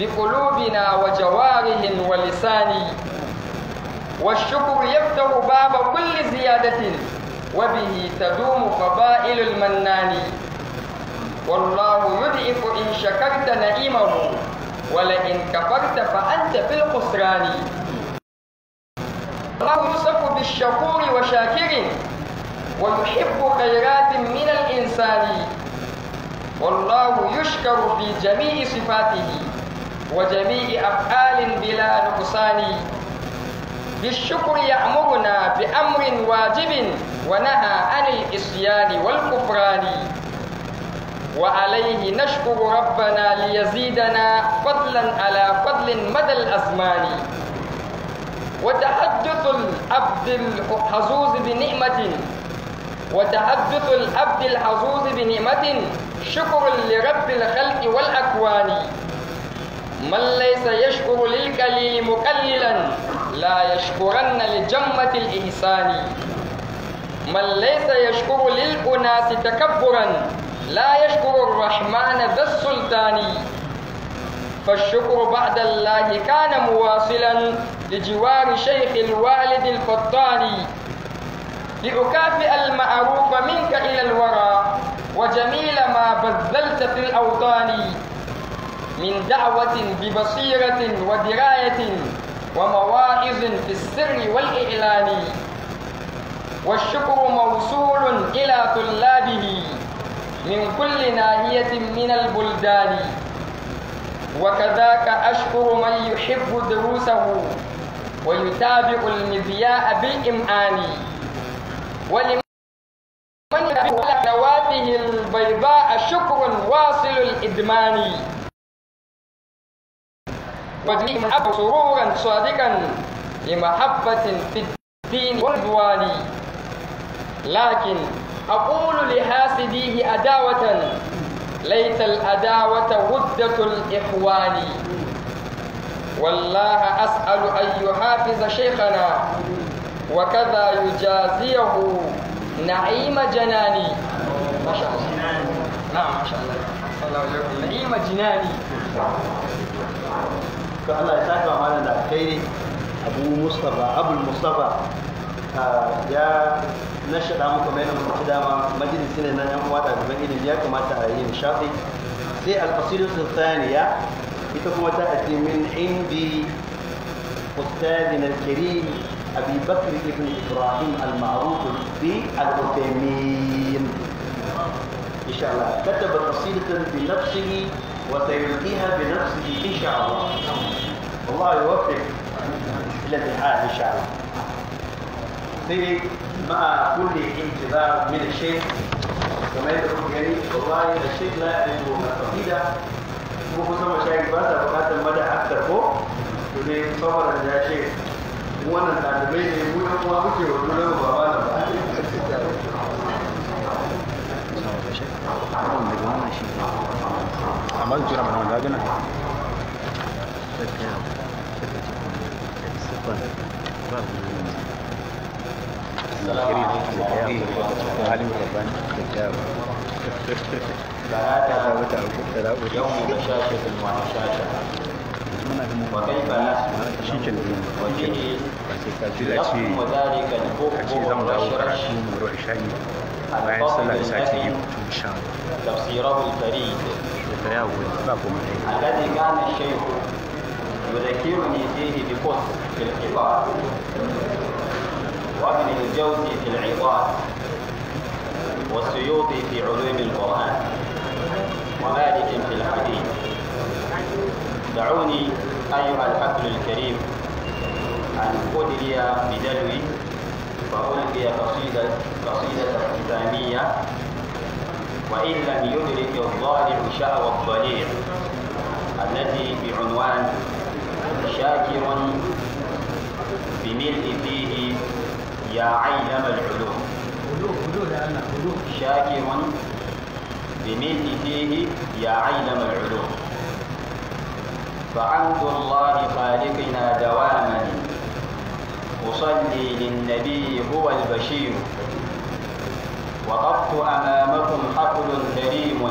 بقلوبنا وجواره ولسان والشكر يفتح باب كل زيادة وبه تدوم قبائل المنان والله يضعف إن شكرت نعيمه ولئن كفرت فأنت في الخسران الله يوصف بالشكور وشاكر ويحب خيرات من الإنسان والله يشكر في جميع صفاته وجميع أفعال بلا نقصان بالشكر يأمرنا بأمر واجب ونهى عن الإصيان والكفران وعليه نشكر ربنا ليزيدنا فضلا على فضل مدى الأزمان وتحدث العبد الحظوظ بنعمة وتحدث العبد الحظوظ بنعمة شكر لرب الخلق والأكوان من ليس يشكر للكليم مقللا لا يشكرن لجمة الإحسان من ليس يشكر للأناس تكبرا لا يشكر الرحمن ذا السلطان فالشكر بعد الله كان مواصلا لجوار شيخ الوالد الفطاني لأكافئ المعروف منك إلى الورى وجميل ما بذلت في الأوطان من دعوة ببصيرة ودراية ومواعظ في السر والإعلان والشكر موصول إلى طلابه من كل ناحية من البلدان وكذاك أشكر من يحب دروسه ويتابع المذياء بالإمعان ولمن على نواته البيضاء شكر واصل الإدمان وجميع أب سرورا صادقا لمحبة في الدين والدوان لكن أقول لحاسديه أداوة ليت الأداوة ودة الإخوان والله أسأل أن يحافظ شيخنا وكذا يجازيه نعيم جناني ما شاء الله نعم ما شاء الله نعيم جناني فالله يسعدك معنا ده خيري أبو مصطفى أبو المصطفى ya na shaɗa muku mai nan mutu dama majalisi ne na yan uwa ɗaliban ilimi ya kamata a yi nishaɗi sai alƙasidu tsaniya ita kuma ta aji min indi ustadin alkirim abi bakr ibn ibrahim al-ma'ruf bi al-utaymin insha Allah kataba qasidatan bi nafsihi wa sayulqiha bi nafsihi insha Allah Allah yuwaffiq ila al-hal insha Allah ليه؟ مع كل انتظار من الشيخ كما يدعو الجميع والله الشيخ لا يعرف العقيده ممكن سوى شايف بس فقط المدى اكثر فوق يقول صبر يا شيخ وانا تعلمين يقول هو وجهه يقول له بابا عملت جرم انا لاجنا Thank you. الكريم الحياة وعلي ربنا بالجاوة فهذا يوم بشاشة وعشاشة وكيف نسمع وجهي يقوم ذلك الحب والرشرش bayan sallar sati biyu insha tafsirahu al-farid da yawo ba kuma alladhi kana shaykhu yudhakiruni fihi bi qut fil qibla وابن الجوزي في العقاد والسيوطي في علوم القرآن ومالك في الحديث دعوني أيها الحفل الكريم أن أدري بدلوي فألقي قصيدة قصيدة ختامية وإن لم يدرك الضالع شهوة الضليع التي بعنوان شاكر بملء في يا عينم العلوم شاكر فيه يا عينم العلوم فعبد الله خالقنا دواما أصلي للنبي هو البشير وقفت أمامكم حقل كريم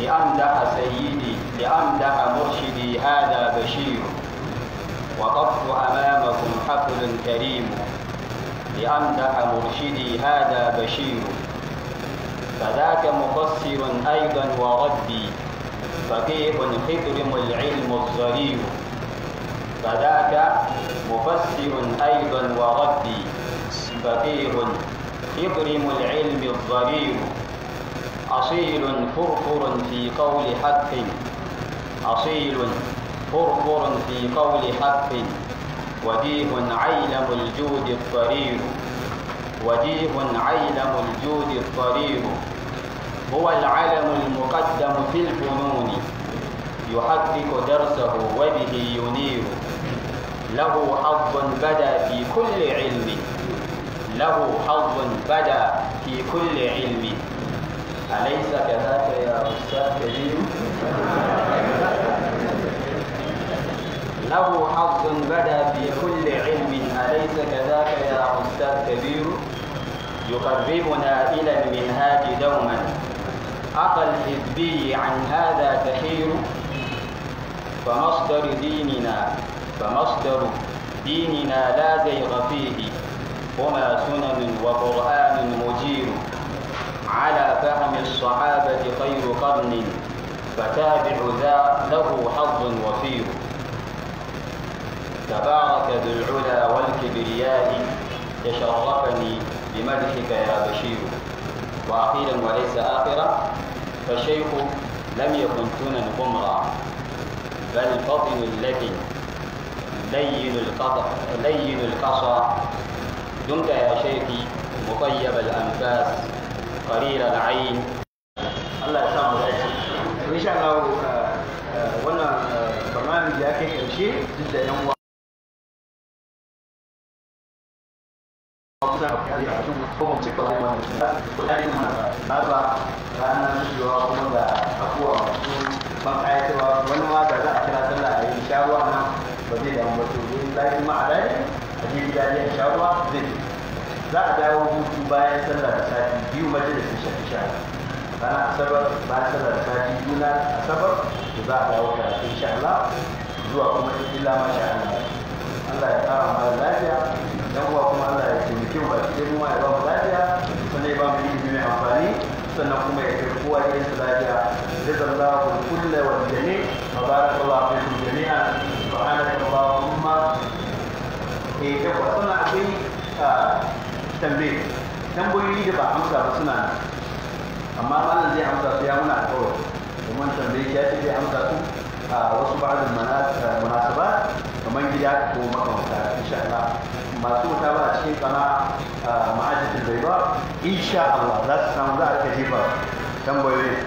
لأمدح سيدي لأمدح مرشدي هذا بشير وقفت أمامكم حقل كريم لأمدح مرشدي هذا بشير فذاك مقصر أيضا وردي فقيه خضرم العلم الظريف فذاك مفسر أيضا وردي فقيه خضرم العلم الظريف أصيل فرفر في قول حق أصيل فرفر في قول حق وديب عيلم الجود الطرير وديه عيلم الجود الطرير هو العلم المقدم في الفنون يحرك درسه وبه ينير له حظ بدا في كل علم له حظ بدا في كل علم أليس كذلك يا أستاذ كريم؟ له حظ بدا في كل علم أليس كذاك يا أستاذ كبير يقربنا إلى المنهاج دوما أقى الحزبي عن هذا تحير فمصدر ديننا فمصدر ديننا لا زيغ فيه هما سنن وقرآن مجير على فهم الصحابة خير قرن فتابع ذا له حظ وفير تبارك ذو العلا والكبرياء تشرفني بمدحك يا بشير وأخيرا وليس آخرا فالشيخ لم يكن تونا قمرا بل فطن اللبن لين القطع لين القصى دمت يا شيخي مطيب الأنفاس قرير العين الله يسامحك إن شاء الله wannan آه، آه، برنامج da ake جدا duk kusa ko ce ranar kuma ban za a a yi sharuwa nan ba zai damu ba to yin a rai a sharuwa za a dawo hutu bayan sallar da sati biyu majalisin shafi shafi ranar asabar bayan sallar da sati biyu na asabar to za a dawo karatu insha Allah zuwa kuma illa masha Allah Allah ya kara mara lafiya dan uwa kuma Allah ya kyau ba cikin ruwa ya ba mu lafiya sannan ya ba mu ilimi mai amfani sannan kuma ya kai kowa ya yi lafiya جزا الله الكل tambayoyi da ba amsa ba suna amma malam zai amsa su ya muna kawai kuma ya ce zai amsa su a ah, wasu ba'adin kamar gida ko makamata insha Allah masu wuta ba a cikin kama ah, ma'ajikin bai ba insha Allah za su samu za a ka jefa tambayoyi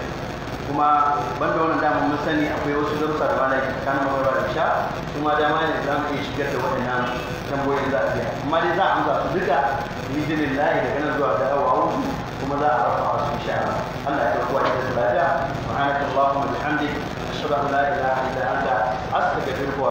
kuma banda wannan dama mun sani akwai wasu zarusa da bana kan magana da sha kuma dama ne za mu iya shigar da waɗannan tambayoyin za a biya amma dai za a amsa su duka bijinin layi daga nan zuwa da awa kuma za a rafa su insha Allah Allah ya karɓi wa ita da lafiya subhanakallahumma bihamdik ashhadu da la ilaha illa anta astaghfiruka